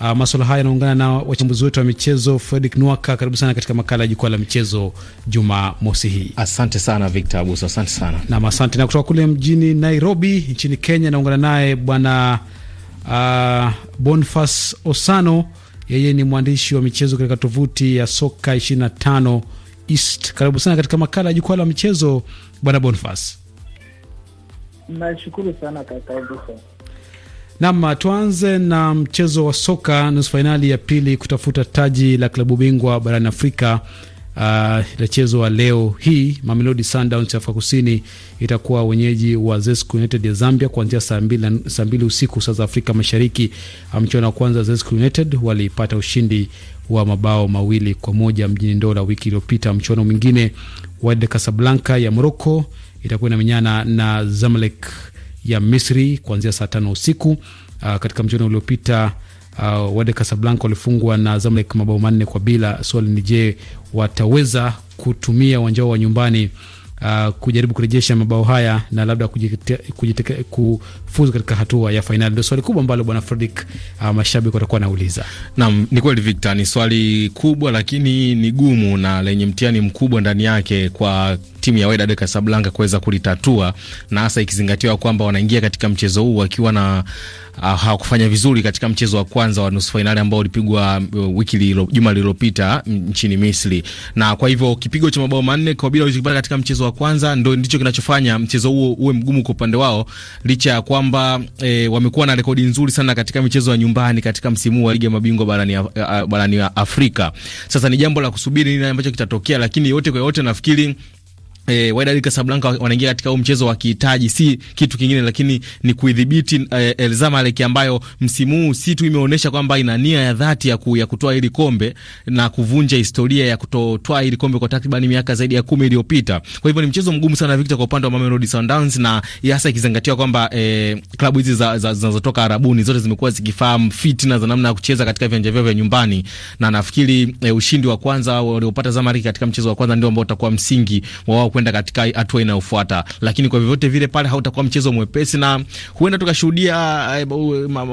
uh, maswala haya yanaungana na wachambuzi wetu wa michezo Fredrick Nwaka. Karibu sana katika makala ya jukwaa la michezo Jumamosi hii. Asante sana Victor Abuso, asante sana nam. Asante na kutoka kule mjini Nairobi nchini Kenya naungana naye bwana Uh, ah, Bonfas Osano yeye ni mwandishi wa michezo katika tovuti ya soka 25 East. Karibu sana katika makala ya jukwaa la michezo bwana Bonfas. Nashukuru sana kaka Bonfas. Naam, tuanze na mchezo wa soka nusu fainali ya pili kutafuta taji la klabu bingwa barani Afrika itachezwa uh, leo hii. Mamelodi Sundowns ya Afrika Kusini itakuwa wenyeji wa Zesco United ya Zambia kuanzia saa mbili, usiku saa za Afrika Mashariki. Uh, mchuano wa kwanza Zesco United walipata ushindi wa mabao mawili kwa moja mjini Ndola wiki iliyopita. Mchuano mwingine Wydad Casablanca ya Morocco itakuwa inamenyana na Zamalek ya Misri kuanzia saa tano usiku. Uh, katika mchuano uliopita uh, Wade Casablanca walifungwa na Zamalek mabao manne kwa bila. Swali ni je, wataweza kutumia uwanja wao wa nyumbani uh, kujaribu kurejesha mabao haya na labda kufuzu katika hatua ya fainali? Ndio swali kubwa ambalo bwana Fredrick uh, mashabiki watakuwa nauliza. Naam, ni kweli Victor, ni swali kubwa lakini ni gumu na lenye mtihani mkubwa ndani yake kwa timu ya Wydad Casablanca kuweza kulitatua, na hasa ikizingatiwa kwamba wanaingia katika mchezo huu wakiwa na uh, hawakufanya vizuri katika mchezo wa kwanza wa nusu fainali ambao ulipigwa uh, wiki lilo, juma lililopita mm, nchini Misri, na kwa hivyo kipigo cha mabao manne kwa bila kukipata katika mchezo wa kwanza ndio ndicho kinachofanya mchezo huo uwe mgumu kwa upande wao, licha ya kwamba e, wamekuwa na rekodi nzuri sana katika michezo ya nyumbani katika msimu wa ligi ya mabingwa barani, ah, barani Afrika. Sasa ni jambo la kusubiri nini ambacho kitatokea, lakini yote kwa yote nafikiri E, Wydad Casablanca wanaingia katika huu mchezo wakihitaji si kitu kingine, lakini ni kuidhibiti e, El Zamalek ambayo msimu huu si tu imeonyesha kwamba ina nia ya dhati ya, ku, ya kutoa hili kombe na kuvunja historia ya kutotoa hili kombe kwa takriban miaka zaidi ya kumi iliyopita. Kwa hivyo ni mchezo mgumu sana Victor, kwa upande wa Mamelodi Sundowns na hasa ikizingatia kwamba e, klabu hizi zinazotoka Arabuni zote zimekuwa zikifahamu fitina za namna ya kucheza katika viwanja vyao vya nyumbani, na nafikiri e, ushindi wa kwanza waliopata Zamalek katika mchezo wa kwanza ndio ambao utakuwa msingi wa wao kwenda katika hatua inayofuata, lakini kwa vyovyote vile pale hautakuwa mchezo mwepesi, na huenda tukashuhudia eh,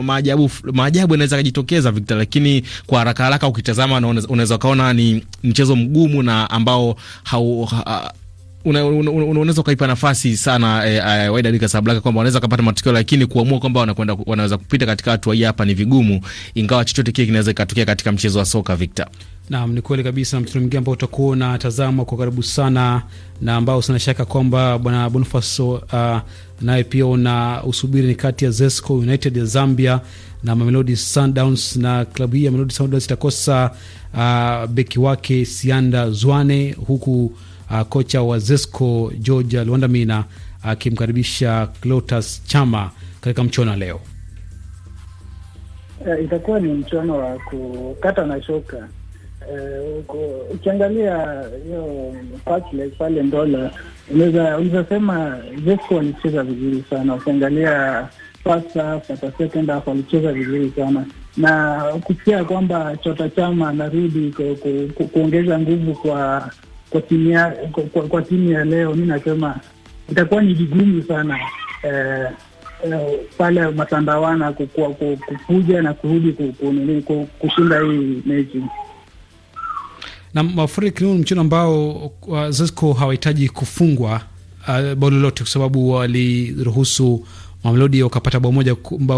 maajabu maajabu yanaweza kujitokeza Victor, lakini kwa haraka haraka ukitazama unaweza ukaona ni mchezo mgumu na ambao hau, ha, unaweza una, una, ukaipa nafasi sana e, uh, Wydad Casablanca kwamba wanaweza kupata matokeo, lakini kuamua kwamba wanakwenda wanaweza kupita katika hatua hii hapa ni vigumu, ingawa chochote kile kinaweza kutokea katika mchezo wa soka Victor. Naam, ni kweli kabisa, mchezo mwingine ambao utakuwa unatazamwa kwa karibu sana na ambao sina shaka kwamba bwana Bonifaso uh, naye pia una usubiri ni kati ya Zesco United ya Zambia na Mamelodi Sundowns, na klabu hii ya Mamelodi Sundowns itakosa uh, beki wake Sianda Zwane huku uh, kocha wa Zesco George Luandamina akimkaribisha uh, Clotas Chama katika mchuano wa leo. Uh, itakuwa ni mchuano wa kukata na shoka. Eh, ukiangalia hiyo pale Ndola, unaweza sema Zesco walicheza vizuri sana. Ukiangalia first half hata second half walicheza vizuri sana na kusikia kwamba Chota Chama anarudi kuongeza nguvu kwa kwa timu ya kwa, kwa timu ya leo, mi nasema itakuwa ni vigumu sana eh, eh pale Matandawana kukua, kukuja na kurudi kushinda hii mechi na Mafrik. Ni mchezo ambao uh, Zesco hawahitaji kufungwa uh, bao lolote kwa sababu waliruhusu Mamelodi ukapata bao moja,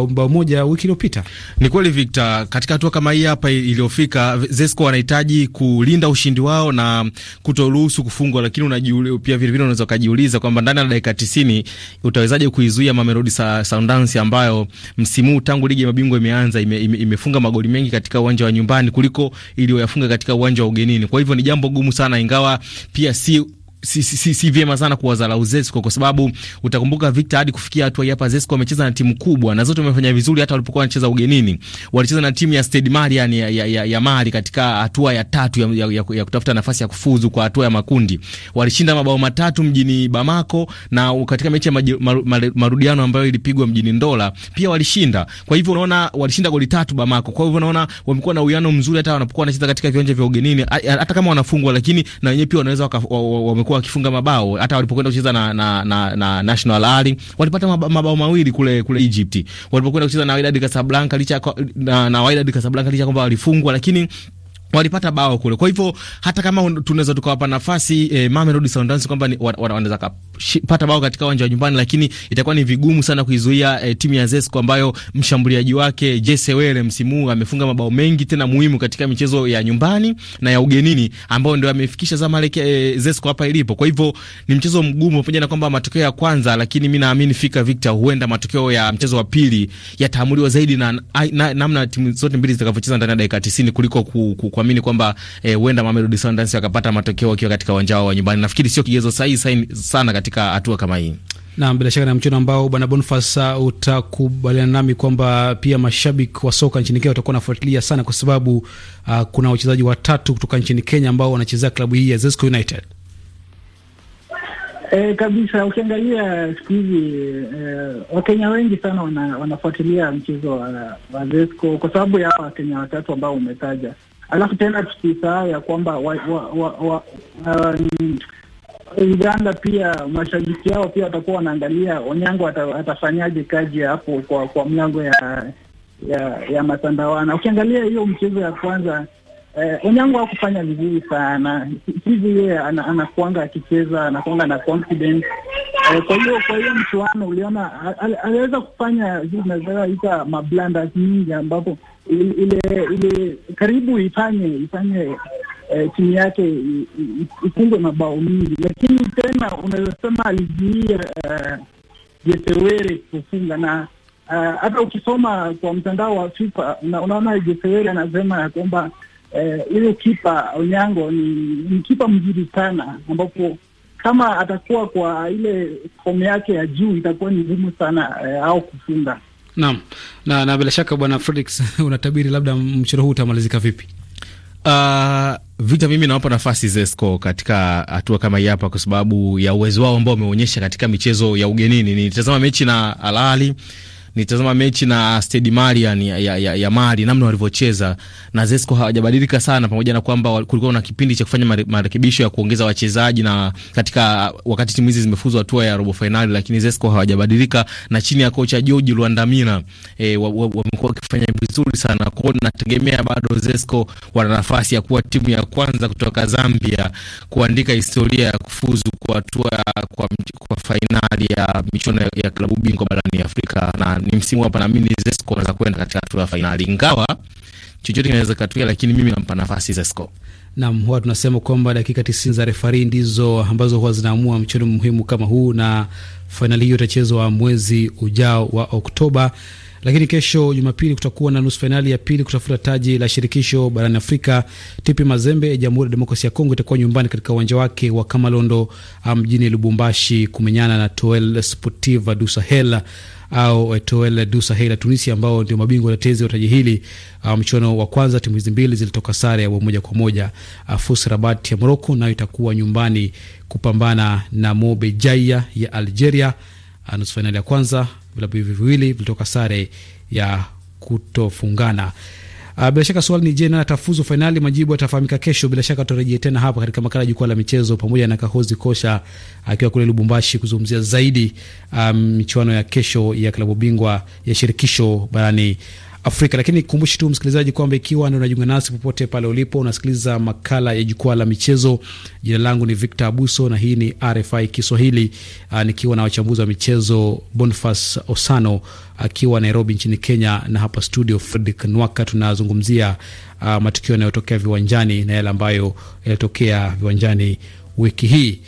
bao moja wiki iliyopita. Ni kweli Victor, katika hatua kama hii hapa iliyofika, Zesco wanahitaji kulinda ushindi wao na kutoruhusu kufungwa, lakini unajiuli, pia vile vile, unaweza kujiuliza kwamba ndani ya dakika 90 utawezaje kuizuia Mamelodi Sundowns ambayo msimu huu tangu ligi ya mabingwa imeanza ime, ime, imefunga magoli mengi katika uwanja wa nyumbani kuliko iliyoyafunga katika uwanja wa ugenini. Kwa hivyo ni jambo gumu sana, ingawa pia si si, si, si, si vyema sana kuwazalau Zesco kwa sababu utakumbuka Victor, hadi kufikia hatua hapa Zesco amecheza na timu kubwa na zote wamefanya vizuri. Hata walipokuwa wanacheza ugenini walicheza na timu ya Stade Mali, yani ya, ya, ya, ya Mali katika hatua ya tatu ya, ya, ya, ya kutafuta nafasi ya kufuzu kwa hatua ya makundi. Walishinda mabao matatu mjini Bamako na katika mechi ya marudiano ambayo ilipigwa mjini Ndola pia walishinda. Kwa hivyo unaona walishinda goli tatu Bamako. Kwa hivyo unaona wamekuwa na uwiano mzuri hata wanapokuwa wanacheza katika viwanja vya ugenini, hata kama wanafungwa, lakini na wenyewe pia wanaweza wamekuwa walikuwa wakifunga mabao hata walipokwenda kucheza na, na, na, na National Ali walipata mabao mawili kule kule Egypt walipokwenda kucheza na Wydad Casablanca licha na, na Wydad Casablanca licha kwamba walifungwa lakini walipata bao kule. Kwa hivyo hata kama tunaweza tukawapa nafasi eh, Mamelodi Sundowns kwamba wanaweza kupata bao katika uwanja wa nyumbani, lakini itakuwa ni vigumu sana kuizuia eh, timu ya Zesco ambayo mshambuliaji wake Jesse Were msimu huu amefunga mabao mengi tena muhimu katika michezo ya nyumbani na ya ugenini ambao ndio amefikisha Zamalek eh, Zesco hapa ilipo. Kwa hivyo ni mchezo mgumu, pamoja na kwamba matokeo ya kwanza, lakini mimi naamini fika Victor, huenda matokeo ya mchezo wa pili yataamuliwa zaidi na namna na, na, na, timu zote mbili zitakavyocheza ndani ya dakika 90 kuliko ku, ku, ku kuamini kwamba eh, huenda eh, Mamelodi Sundowns wakapata matokeo wakiwa katika uwanja wao wa nyumbani. Nafikiri sio kigezo sahihi sana katika hatua kama hii. Na bila shaka na mchuano ambao bwana Bonifas utakubaliana nami kwamba pia mashabiki wa soka nchini Kenya watakuwa wanafuatilia sana, kwa sababu uh, kuna wachezaji watatu kutoka nchini Kenya ambao wanachezea klabu hii ya Zesco United. E, kabisa ukiangalia siku hizi e, Wakenya wengi sana wana, wanafuatilia mchezo wa, wa Zesco kwa sababu ya Wakenya watatu ambao umetaja Alafu tena tusisahau ya kwamba wa, wa, wa, wa, um, Uganda pia mashabiki yao pia watakuwa wanaangalia Onyango atafanyaje kazi hapo kwa kwa mlango ya ya, ya Matandawana. Ukiangalia hiyo mchezo ya kwanza eh, Onyango hakufanya vizuri sana, hivi yeye anakuanga akicheza anakuanga na confidence eh, kwa hiyo kwa hiyo mchuano uliona aliweza kufanya zile tunazoita mablunders nyingi ambapo ile ile karibu ifanye ifanye e, timu yake ifungwe mabao mingi, lakini tena unaweza sema alizuia uh, eh, Jesewere kufunga na eh, hata uh, ukisoma kwa mtandao wa FIFA una, unaona Jesewere anasema ya kwamba huyo uh, kipa Onyango ni, ni kipa mzuri sana ambapo kama atakuwa kwa ile fomu yake ya juu itakuwa ni ngumu sana uh, au kufunga Naam, na, na bila shaka bwana Fredix, unatabiri labda mchoro huu utamalizika vipi? Uh, ah, vita mimi nawapa nafasi Zesco katika hatua kama hii hapa, kwa sababu ya uwezo wao ambao wameonyesha katika michezo ya ugenini. nitazama mechi na Al Ahly nitazama mechi na Stade Marian ya, ya, ya, ya Mali namna walivyocheza na Zesco hawajabadilika sana, pamoja na kwamba kulikuwa na kipindi cha kufanya marekebisho ya kuongeza wachezaji na katika wakati timu hizi zimefuzwa hatua ya robo fainali, lakini Zesco hawajabadilika na chini ya kocha George Luandamina e, eh, wamekuwa wa, wakifanya vizuri sana kwao. Nategemea bado Zesco wana nafasi ya kuwa timu ya kwanza kutoka Zambia kuandika historia ya kufuzu kwa hatua kwa, kwa fainali ya michuano ya klabu bingwa barani Afrika na ni msimu hapa, naamini Zesco anaweza kwenda katika hatua ya fainali, ingawa chochote kinaweza katukia, lakini mimi nampa nafasi Zesco. Nam, huwa tunasema kwamba dakika tisini za refari ndizo ambazo huwa zinaamua mchezo muhimu kama huu, na fainali hiyo itachezwa mwezi ujao wa Oktoba. Lakini kesho Jumapili kutakuwa na nusu fainali ya pili kutafuta taji la shirikisho barani Afrika. TP Mazembe ya Jamhuri ya Demokrasia ya Kongo itakuwa nyumbani katika uwanja wake wa Kamalondo mjini Lubumbashi kumenyana na Toel Sportiva du Sahel au Etoile du Sahel ya Tunisia ambao ndio mabingwa watetezi wa taji hili. Uh, mchuano um, wa kwanza timu hizi mbili zilitoka sare ya moja kwa moja. Uh, FUS Rabat ya Morocco nayo itakuwa nyumbani kupambana na Mobe Jaya ya Algeria. Uh, nusu fainali ya kwanza vilabu hivi viwili vilitoka sare ya kutofungana. Uh, bila shaka swali ni je, nani atafuzu fainali? Majibu yatafahamika kesho. Bila shaka tutarejea tena hapa katika makala ya jukwaa la michezo pamoja na Kahozi Kosha akiwa kule Lubumbashi kuzungumzia zaidi um, michuano um, ya kesho ya klabu bingwa ya shirikisho barani Afrika. Lakini kumbushi tu msikilizaji kwamba ikiwa ndio unajiunga nasi popote pale ulipo, unasikiliza makala ya jukwaa la michezo. Jina langu ni Victor Abuso na hii ni RFI Kiswahili, uh, nikiwa na wachambuzi wa michezo Bonfas Osano akiwa Nairobi nchini Kenya, na hapa studio Fredrick Nwaka. Tunazungumzia uh, matukio yanayotokea viwanjani na yale ambayo yalitokea viwanjani wiki hii.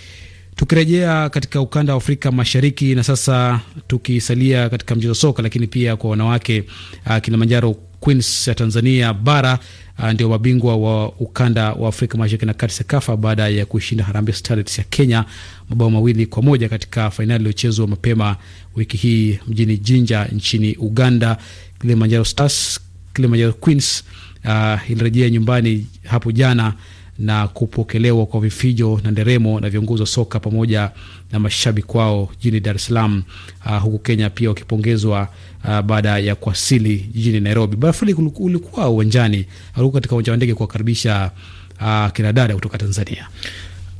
Tukirejea katika ukanda wa Afrika Mashariki na sasa tukisalia katika mchezo soka, lakini pia kwa wanawake uh, ah, Kilimanjaro Queens ya Tanzania bara uh, ndio mabingwa wa ukanda wa Afrika Mashariki na kati SEKAFA baada ya kushinda Harambee Starlets ya Kenya mabao mawili kwa moja katika fainali iliyochezwa mapema wiki hii mjini Jinja nchini Uganda. Kilimanjaro Stars, Kilimanjaro Queens uh, ilirejea nyumbani hapo jana na kupokelewa kwa vifijo na nderemo na viongozi wa soka pamoja na mashabiki wao jijini Dar es Salaam, uh, huku Kenya pia wakipongezwa uh, baada ya kuwasili jijini Nairobi. Barafuli ulikuwa uwanjani, au katika uwanja wa ndege kuwakaribisha uh, kina dada kutoka Tanzania.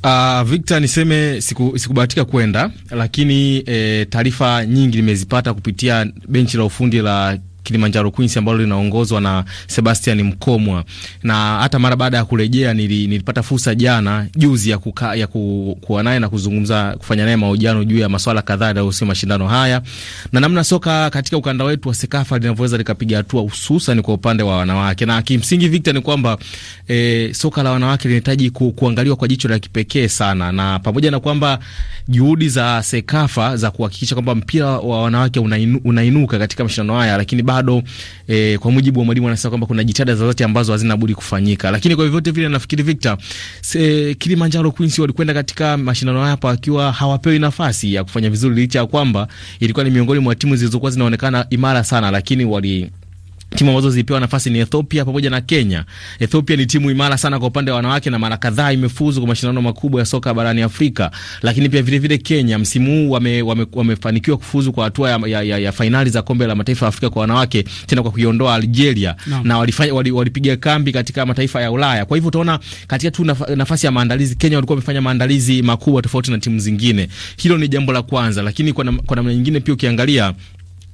Uh, Victor, niseme siku, sikubahatika kwenda, lakini e, taarifa nyingi nimezipata kupitia benchi la ufundi la Kilimanjaro Queens ambalo linaongozwa na Sebastian Mkomwa, na hata mara baada ya kurejea nilipata fursa jana juzi ya kuka, ya ku, kuwa naye na kuzungumza kufanya naye mahojiano juu ya masuala kadhaa yanayohusu mashindano haya na namna soka katika ukanda wetu wa Sekafa linavyoweza likapiga hatua hususan kwa upande wa wanawake. Na kimsingi Victor, ni kwamba e, soka la wanawake linahitaji ku, kuangaliwa kwa jicho la kipekee sana, na pamoja na kwamba juhudi za Sekafa za kuhakikisha kwamba mpira wa wanawake unainu, unainuka katika mashindano haya lakini bado e, kwa mujibu wa mwalimu anasema kwamba kuna jitihada za zote ambazo hazina budi kufanyika, lakini kwa vyovyote vile nafikiri Victor se, Kilimanjaro Queens walikwenda katika mashindano haya wakiwa hawapewi nafasi ya kufanya vizuri licha ya kwamba ilikuwa ni miongoni mwa timu zilizokuwa zinaonekana imara sana, lakini wali Timu ambazo zilipewa nafasi ni Ethiopia pamoja na Kenya. Ethiopia ni timu imara sana kwa upande wa wanawake na mara kadhaa imefuzu kwa mashindano makubwa ya soka barani Afrika, lakini pia vilevile vile Kenya msimu huu wame, wame, wamefanikiwa kufuzu kwa hatua ya, ya, ya, ya fainali za kombe la mataifa ya Afrika kwa wanawake, tena kwa kuiondoa Algeria no. na walifanya, wali, walipiga kambi katika mataifa ya Ulaya. Kwa hivyo utaona katika tu nafasi ya maandalizi Kenya walikuwa wamefanya maandalizi makubwa tofauti na timu zingine. Hilo ni jambo la kwanza, lakini kwa namna nyingine pia ukiangalia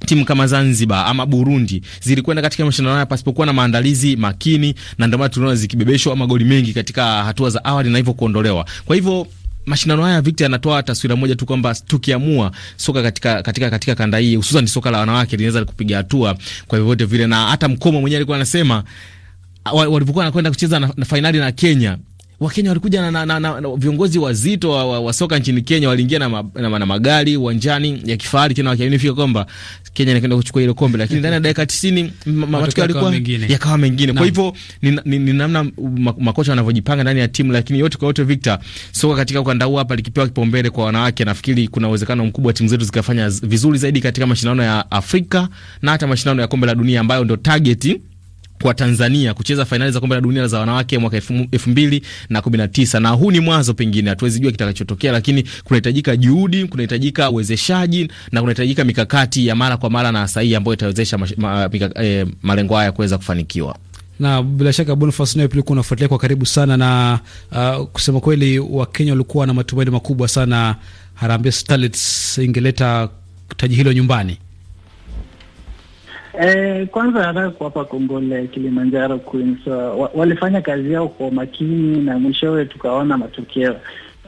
timu kama Zanzibar ama Burundi zilikwenda katika mashindano haya pasipokuwa na maandalizi makini, na ndio maana tuliona zikibebeshwa magoli mengi katika hatua za awali na hivyo kuondolewa. Kwa hivyo mashindano haya Victor, yanatoa taswira moja tu kwamba tukiamua soka katika, katika, katika kanda hii hususan soka la wanawake linaweza kupiga hatua kwa vyovyote vile, na hata Mkomo mwenyewe alikuwa anasema walivyokuwa wanakwenda kucheza na, na fainali na Kenya Wakenya walikuja na, na, na, na viongozi wazito wa, wa, wa soka nchini Kenya waliingia na, ma, na, na magari uwanjani ya kifahari tena wakiaminifika kwamba Kenya inakwenda kuchukua hilo kombe, lakini ndani ya dakika tisini matokeo yalikuwa yakawa mengine. Kwa hivyo ni, ni, ni namna makocha wanavyojipanga ndani ya timu, lakini yote kwa yote, Victor, soka katika ukanda huu hapa likipewa kipaumbele kwa wanawake, nafikiri kuna uwezekano mkubwa timu zetu zikafanya vizuri zaidi katika mashindano ya Afrika na hata mashindano ya kombe la dunia ambayo ndo target kwa Tanzania kucheza fainali za kombe la dunia za wanawake mwaka elfu mbili na kumi na tisa na huu ni mwanzo, pengine hatuwezi jua kitakachotokea, lakini kunahitajika juhudi, kunahitajika uwezeshaji na kunahitajika mikakati ya mara kwa mara na sahihi ambayo itawezesha ma, eh, malengo haya kuweza kufanikiwa na bila shaka Boniface nayo pia ulikuwa unafuatilia kwa karibu sana, na uh, kusema kweli Wakenya walikuwa na matumaini makubwa sana Harambee Starlets ingeleta taji hilo nyumbani. Eh, kwanza nataka kuwapa kongole Kilimanjaro Queens. Wa, walifanya kazi yao kwa makini na mwishowe tukaona matokeo.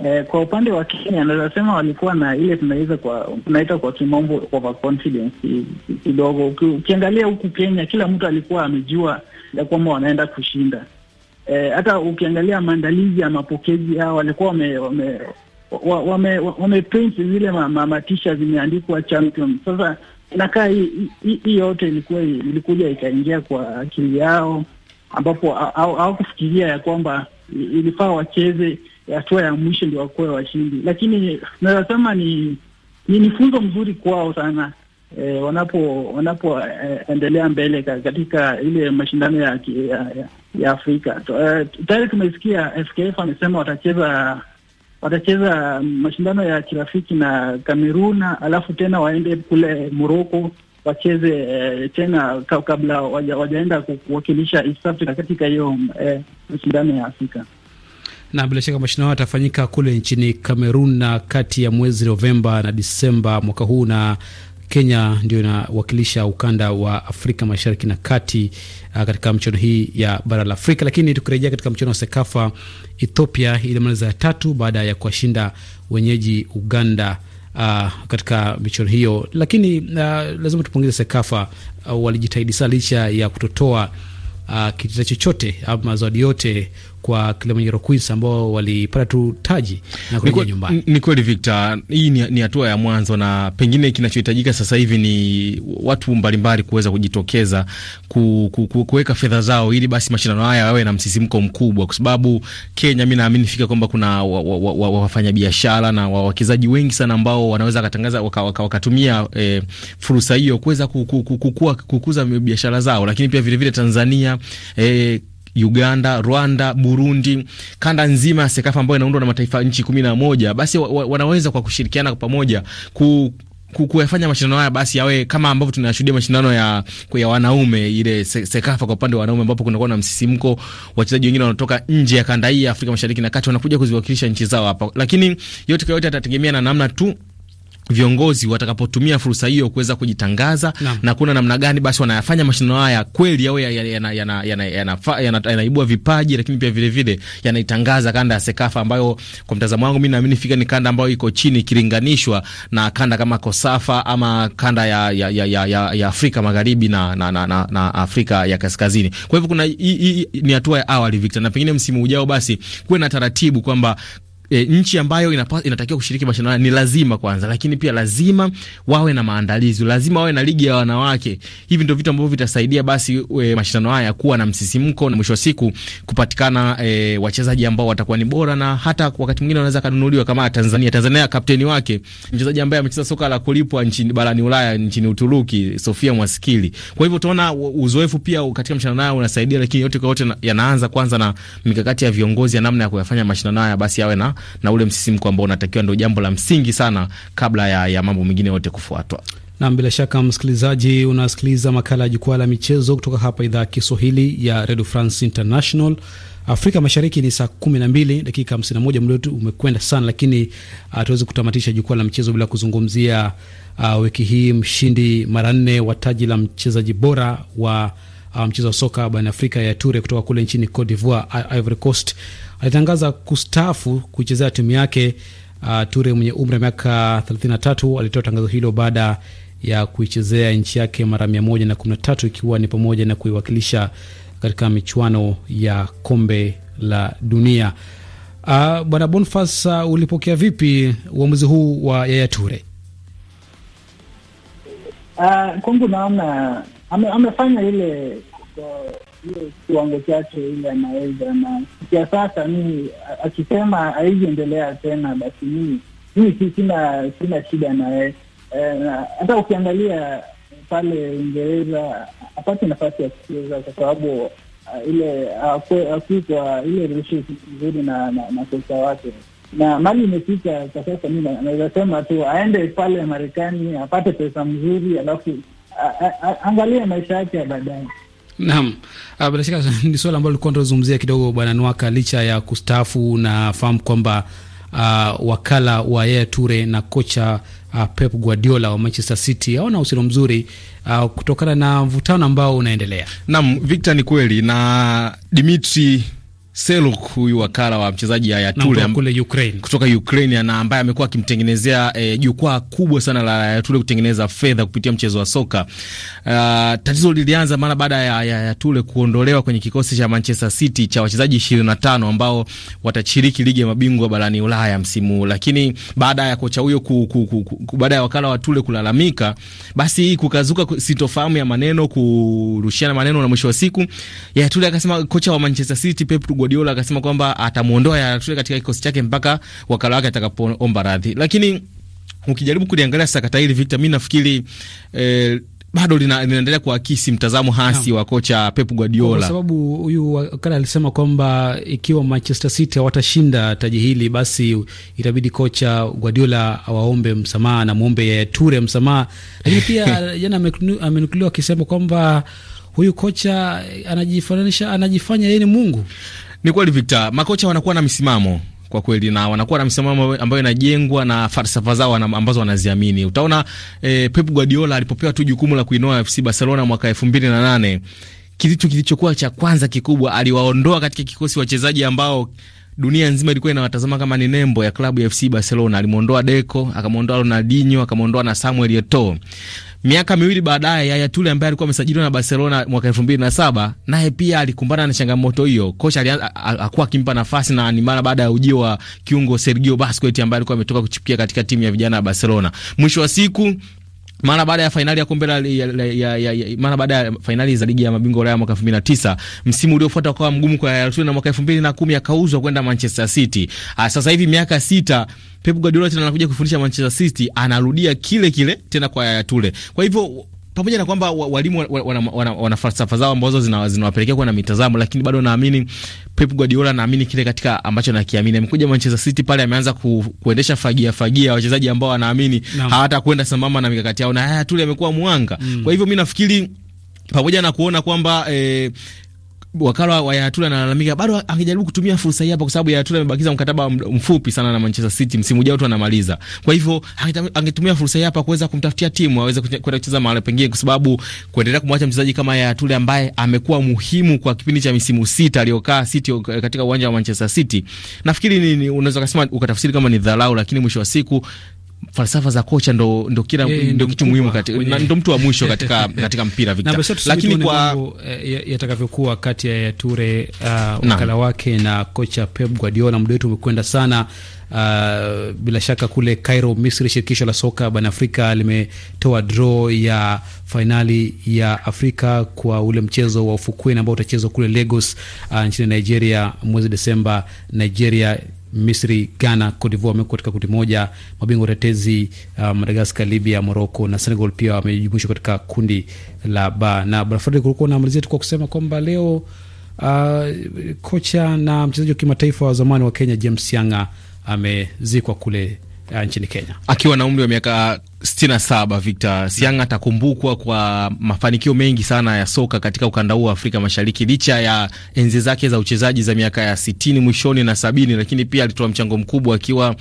Eh, kwa upande wa Kenya naweza sema walikuwa na ile tunaweza kwa tunaita kwa kimombo overconfidence kidogo. Ukiangalia huku Kenya kila mtu alikuwa amejua ya kwamba wanaenda kushinda. Eh, hata ukiangalia maandalizi ya mapokezi yao walikuwa wame, wame, wame, wame, wame zile ma, ma, matisha zimeandikwa champion. Sasa nakaa hii yote ilikuwa ilikuja ikaingia kwa akili yao, ambapo hawakufikiria ya kwamba ilifaa wacheze hatua ya mwisho ndio wakuwe washindi, lakini naweza sema ni ni funzo mzuri kwao sana e, wanapo wanapoendelea eh, e, mbele katika ile mashindano ya, ya, ya Afrika. e, tayari tumesikia FKF amesema watacheza watacheza um, mashindano ya kirafiki na Kamerun, alafu tena waende kule Moroko wacheze eh, tena kabla waja, wajaenda kuwakilisha East Africa katika hiyo eh, mashindano ya Afrika na bila shaka mashindano yatafanyika kule nchini Kamerun na kati ya mwezi Novemba na Disemba mwaka huu na Kenya ndio inawakilisha ukanda wa Afrika Mashariki na Kati uh, katika michuano hii ya bara la Afrika. Lakini tukirejea katika mchuano wa Sekafa, Ethiopia ilimaliza ya tatu baada ya kuwashinda wenyeji Uganda uh, katika michuano hiyo. Lakini uh, lazima tupongeze Sekafa, uh, walijitahidi sana licha ya kutotoa uh, kitita chochote ama zawadi yote kwa Kilimanjaro Queens ambao walipata tu taji na kurejea nyumbani. Ni kweli Victor, hii ni hatua ya mwanzo, na pengine kinachohitajika sasa hivi ni watu mbalimbali kuweza kujitokeza ku, ku, ku, kuweka fedha zao ili basi mashindano haya yawe na msisimko mkubwa, kwa sababu Kenya, mimi naamini fika kwamba kuna wafanyabiashara wa, wa, wa, wa, na wawekezaji wengi sana ambao wanaweza katangaza wakatumia waka, waka eh, fursa hiyo kuweza kukuza biashara zao, lakini pia vilevile vile Tanzania eh, Uganda, Rwanda, Burundi, kanda nzima ya SEKAFA ambayo inaundwa na mataifa nchi kumi na moja, basi wa, wa, wanaweza kwa kushirikiana kwa pamoja ku kuyafanya mashindano haya basi yawe kama ambavyo tunashuhudia mashindano ya, ya wanaume ile se, Sekafa kwa upande wa wanaume ambapo kunakuwa na msisimko, wachezaji wengine wanatoka nje ya kanda hii ya Afrika Mashariki na Kati wanakuja kuziwakilisha nchi zao hapa, lakini yote kwa yote atategemea na namna tu viongozi watakapotumia fursa hiyo kuweza kujitangaza na, na kuna namna gani basi wanayafanya mashindano haya kweli yawe yanaibua vipaji, lakini pia vilevile yanaitangaza kanda ya Sekafa ambayo kwa mtazamo wangu mi naamini fika ni kanda ambayo iko chini ikilinganishwa na kanda kama Kosafa ama kanda ya, ya, ya, ya, ya Afrika Magharibi na, na, na, na, na Afrika ya Kaskazini. Kwa hivyo kuna hii ni hatua ya awali Victor, na pengine msimu ujao basi kuwe na taratibu kwamba e, nchi ambayo inapa, inatakiwa kushiriki mashindano ni lazima kwanza, lakini pia lazima wawe na maandalizi, lazima wawe na ligi ya wanawake. Hivi ndio vitu ambavyo vitasaidia basi e, mashindano haya kuwa na msisimko na mwisho wa siku kupatikana e, wachezaji ambao watakuwa ni bora, na hata wakati mwingine wanaweza kanunuliwa kama Tanzania. Tanzania kapteni wake mchezaji ambaye amecheza soka la kulipwa nchini barani Ulaya, nchini Uturuki, Sofia Mwasikili. Kwa hivyo tunaona uzoefu pia katika mashindano haya unasaidia, lakini yote kwa yote yanaanza kwanza na mikakati ya viongozi ya namna ya kuyafanya mashindano haya basi yawe na na ule msisimko ambao unatakiwa, ndio jambo la msingi sana kabla ya, ya mambo mengine yote kufuatwa. Nam, bila shaka msikilizaji, unasikiliza makala ya jukwaa la michezo kutoka hapa idhaa ya Kiswahili ya Radio France International. Afrika Mashariki ni saa kumi na mbili dakika hamsini na moja. Muda wetu umekwenda sana, lakini hatuwezi ah, uh, kutamatisha jukwaa la michezo bila kuzungumzia uh, wiki hii mshindi mara nne wa taji la mchezaji bora wa uh, mchezo wa soka barani Afrika ya Ture kutoka kule nchini Cote d'Ivoire, Ivory Coast alitangaza kustaafu kuichezea timu yake. Uh, Ture mwenye umri wa miaka 33 alitoa tangazo hilo baada ya kuichezea nchi yake mara 113 ikiwa ni pamoja na kuiwakilisha katika michuano ya kombe la dunia. Uh, bwana Bonfas, uh, ulipokea vipi uamuzi huu wa Yaya Ture? Uh, kwangu naona amefanya ile kiwango chake ile anaweza, na kia sasa mimi akisema aiziendelea tena, basi mimi mimi sina sina shida naye. Eh, hata ukiangalia pale Uingereza apate nafasi ya kucheza kwa sababu uh, ile akuikwa ile relationship nzuri na na kocha wake na mali imefika kwa sasa, mi naweza sema tu aende pale Marekani apate pesa mzuri, alafu angalie maisha yake ya baadaye. Naam, ah, bila shaka ni swala ambalo tulikuwa tunazungumzia kidogo, bwana Nwaka. Licha ya kustaafu, nafahamu kwamba uh, wakala wa Yaya Toure na kocha uh, Pep Guardiola wa Manchester City hawana uhusiano mzuri uh, kutokana na mvutano ambao unaendelea. Naam, Victor, ni kweli na Dimitri Seluk, huyu wakala wa mchezaji Ayatule kule Ukraine, kutoka Ukraine na ambaye amekuwa akimtengenezea eh, jukwaa e, kubwa sana la Ayatule kutengeneza fedha kupitia mchezo wa soka. Uh, tatizo lilianza mara baada ya Ayatule kuondolewa kwenye kikosi cha Manchester City cha wachezaji 25 ambao watashiriki ligi ya mabingwa barani Ulaya msimu, huu, lakini baada ya kocha huyo ku, ku, ku, ku, baada ya wakala wa Tule kulalamika, basi kukazuka sitofahamu ya maneno, kurushiana maneno na mwisho wa siku Yatule akasema kocha wa Manchester City Pep Guardiola akasema kwamba atamuondoa Yaya katika kikosi chake mpaka wakala wake atakapoomba radhi, lakini ukijaribu kuliangalia sakata hili Victor, mi nafikiri eh, bado linaendelea lina kuakisi mtazamo hasi wa kocha Pep Guardiola, kwa sababu huyu wakala alisema kwamba ikiwa Manchester City hawatashinda taji hili, basi itabidi kocha Guardiola awaombe msamaha na muombe Yaya Toure msamaha. Lakini pia jana amenukuliwa akisema kwamba huyu kocha anajifananisha, anajifanya yeye ni Mungu. Ni kweli Victor, makocha wanakuwa na misimamo kwa kweli na wanakuwa na msimamo ambayo inajengwa na falsafa zao ambazo wanaziamini. Utaona eh, Pep Guardiola alipopewa tu jukumu la kuinoa FC Barcelona mwaka 2008 kitu kilichokuwa cha kwanza kikubwa, aliwaondoa katika kikosi wachezaji ambao dunia nzima ilikuwa inawatazama kama ni nembo ya klabu ya FC Barcelona. Alimwondoa Deco, akamwondoa Ronaldinho, akamwondoa na Samuel Eto'o. Miaka miwili baadaye, Yaya Toure ambaye alikuwa amesajiliwa na Barcelona mwaka saba naye pia alikumbana na changamoto hiyo. Kocha akuwa akimpa nafasi na ni mara baada ya ujio wa kiungo Sergio Busquets ambaye alikuwa ametoka kuchipukia katika timu ya vijana ya Barcelona. Mwisho wa siku mara baada ya fainali ya kombe la mara baada ya fainali za ligi ya mabingwa Ulaya mwaka 2009, msimu uliofuata ukawa mgumu kwa Real na mwaka 2010 akauzwa kwenda Manchester City. Aa, ah, sasa hivi miaka sita Pep Guardiola tena anakuja kufundisha Manchester City, anarudia kile kile tena kwa Yaya Toure. Kwa hivyo pamoja na kwamba walimu wana, wana, wana falsafa zao ambazo zinawapelekea kuwa na mitazamo, lakini bado naamini Pep Guardiola, naamini kile katika ambacho nakiamini. Amekuja Manchester City pale, ameanza ku, kuendesha fagia fagia wachezaji ambao anaamini kwenda sambamba na mikakati yao, na haya tuli amekuwa mwanga mm. Kwa hivyo mi nafikiri pamoja na kuona kwamba eh, wakala wa Yayatula analalamika bado angejaribu kutumia fursa hii hapa, kwa sababu Yatula amebakiza mkataba mfupi sana na Manchester City, msimu ujao tu anamaliza. Kwa hivyo angetumia fursa hii hapa kuweza kumtafutia timu aweze kwenda kucheza mahali pengine, kwa sababu kuendelea kumwacha mchezaji kama Yatula ambaye amekuwa muhimu kwa kipindi cha misimu sita aliyokaa City uh, katika uwanja wa Manchester City, nafikiri ni unaweza kusema ukatafsiri kama ni dharau, lakini mwisho wa siku falsafa za kocha ndo, ndo, kila, yeah, ndo kitu muhimu na ndo mtu wa mwisho katika, katika mpira Victor, lakini kwa eh, yatakavyokuwa kati ya Ture uh, wakala wake na kocha Pep Guardiola. Muda wetu umekwenda sana. Uh, bila shaka kule Cairo, Misri, shirikisho la soka barani Afrika limetoa draw ya fainali ya Afrika kwa ule mchezo wa ufukweni ambao utachezwa kule Lagos, uh, nchini Nigeria mwezi Desemba. Nigeria Misri, Ghana, Cote d'Ivoire wamewekwa katika kundi moja. Mabingwa tetezi uh, Madagaskar, Libya, Morocco na Senegal pia wamejumuishwa katika kundi la ba. Na Brafadi, kulikuwa na tu kwa kusema kwamba leo uh, kocha na mchezaji wa kimataifa wa zamani wa Kenya James Yanga amezikwa kule uh, nchini Kenya akiwa na umri wa miaka 67 Victor Sianga atakumbukwa kwa mafanikio mengi sana ya soka katika ukanda huu wa Afrika Mashariki, licha ya enzi zake za uchezaji za miaka ya sitini mwishoni na sabini, lakini pia alitoa mchango mkubwa akiwa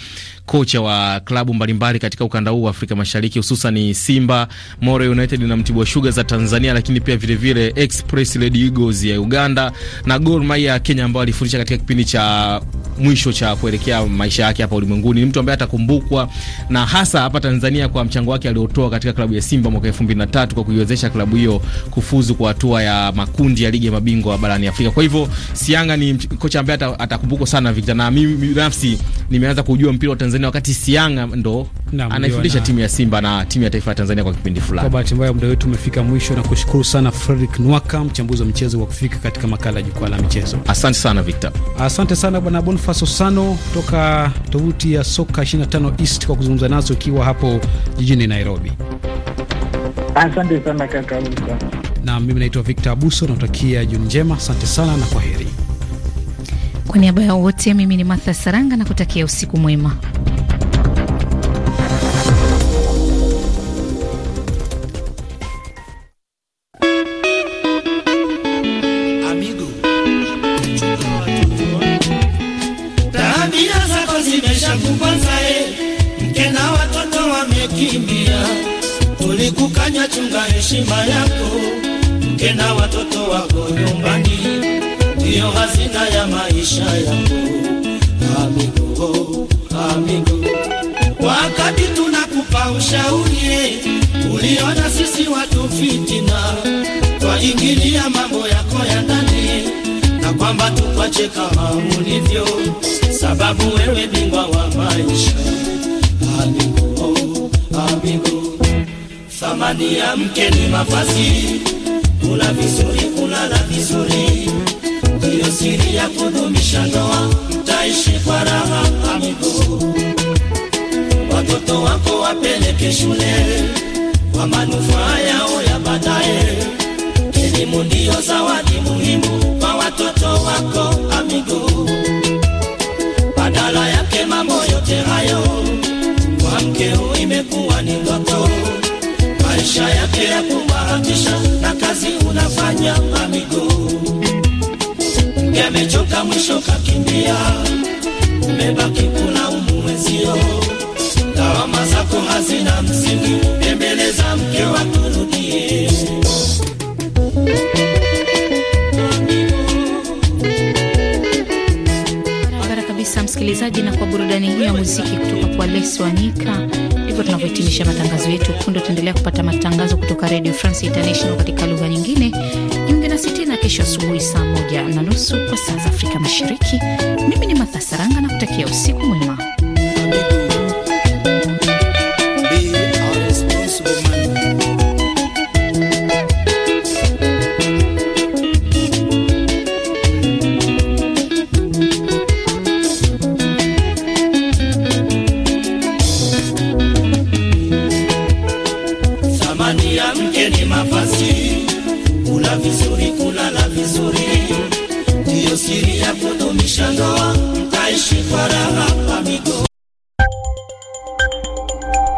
kocha wa klabu mbalimbali katika ukanda huu wa Afrika Mashariki, hususan ni Simba, Moro United na Mtibwa Sugar za Tanzania, lakini pia vilevile vile Express Red Eagles ya Uganda na Gor Mahia ya Kenya, ambao alifundisha katika kipindi cha mwisho cha kuelekea maisha yake hapa ulimwenguni. Ni mtu ambaye atakumbukwa na hasa hapa Tanzania kwa mchango wake aliotoa katika klabu ya Simba mwaka 2003 kwa kuiwezesha klabu hiyo kufuzu kwa hatua ya makundi ya ligi ya mabingwa barani Afrika. Kwa hivyo Sianga ni kocha ambaye atakumbukwa sana Victor, na mimi binafsi nimeanza kujua mpira wa Tanzania Tanzania, wakati Sianga ndo anaifundisha timu ya Simba na timu ya taifa ya Tanzania kwa kipindi fulani. Kwa bahati mbaya, muda wetu umefika mwisho, na kushukuru sana Fredrick Nwaka, mchambuzi wa michezo, kwa kufika katika makala ya jukwaa la michezo. Asante sana Victor. Asante sana bwana Boniface Osano toka tovuti ya soka 25 East kwa kuzungumza nasi ukiwa hapo jijini Nairobi. Asante sana kaka Luka. Na mimi naitwa Victor Abuso, natakia jioni njema. Asante sana na kwaheri. Kwa niaba ya wote, mimi ni Martha Saranga na kutakia usiku mwema. Eh. Tulikukanya, chunga heshima yako, mke na watoto wako nyumbani, ndiyo hazina ya maisha yangu. Amigo, amigo, wakati tunakupa ushauri uliona sisi watu fitina, twaingilia mambo yako ya ndani na kwamba tukwache kama ulivyo, sababu wewe bingwa wa maisha. Amigo, amigo, thamani ya mke ni mavazi, kula vizuri, kulala vizuri siri ya kudumisha ndoa, taishi kwa raha amigo. Watoto wako wapeleke shule kwa manufaa yao ya baadaye. Elimu ndiyo zawadi muhimu kwa watoto wako amigo. Badala yake mambo yote hayo kwa mkeo imekuwa ni ndoto, maisha yake ya kubahatisha na kazi unafanya amigo yamechoka, mwisho kakimbia, umebaki kulaumu mwenzio, lawama zako hazina msingi, embeleza mke wa rudie Msikilizaji, na kwa burudani hiyo ya muziki kutoka kwa Lesi Wanika, ndivyo tunavyohitimisha matangazo yetu. Kundo tuendelea kupata matangazo kutoka Radio France International katika lugha nyingine nasi tena kesho asubuhi saa moja na nusu kwa saa za Afrika Mashariki. Mimi ni Matha Saranga na kutakia usiku mwema.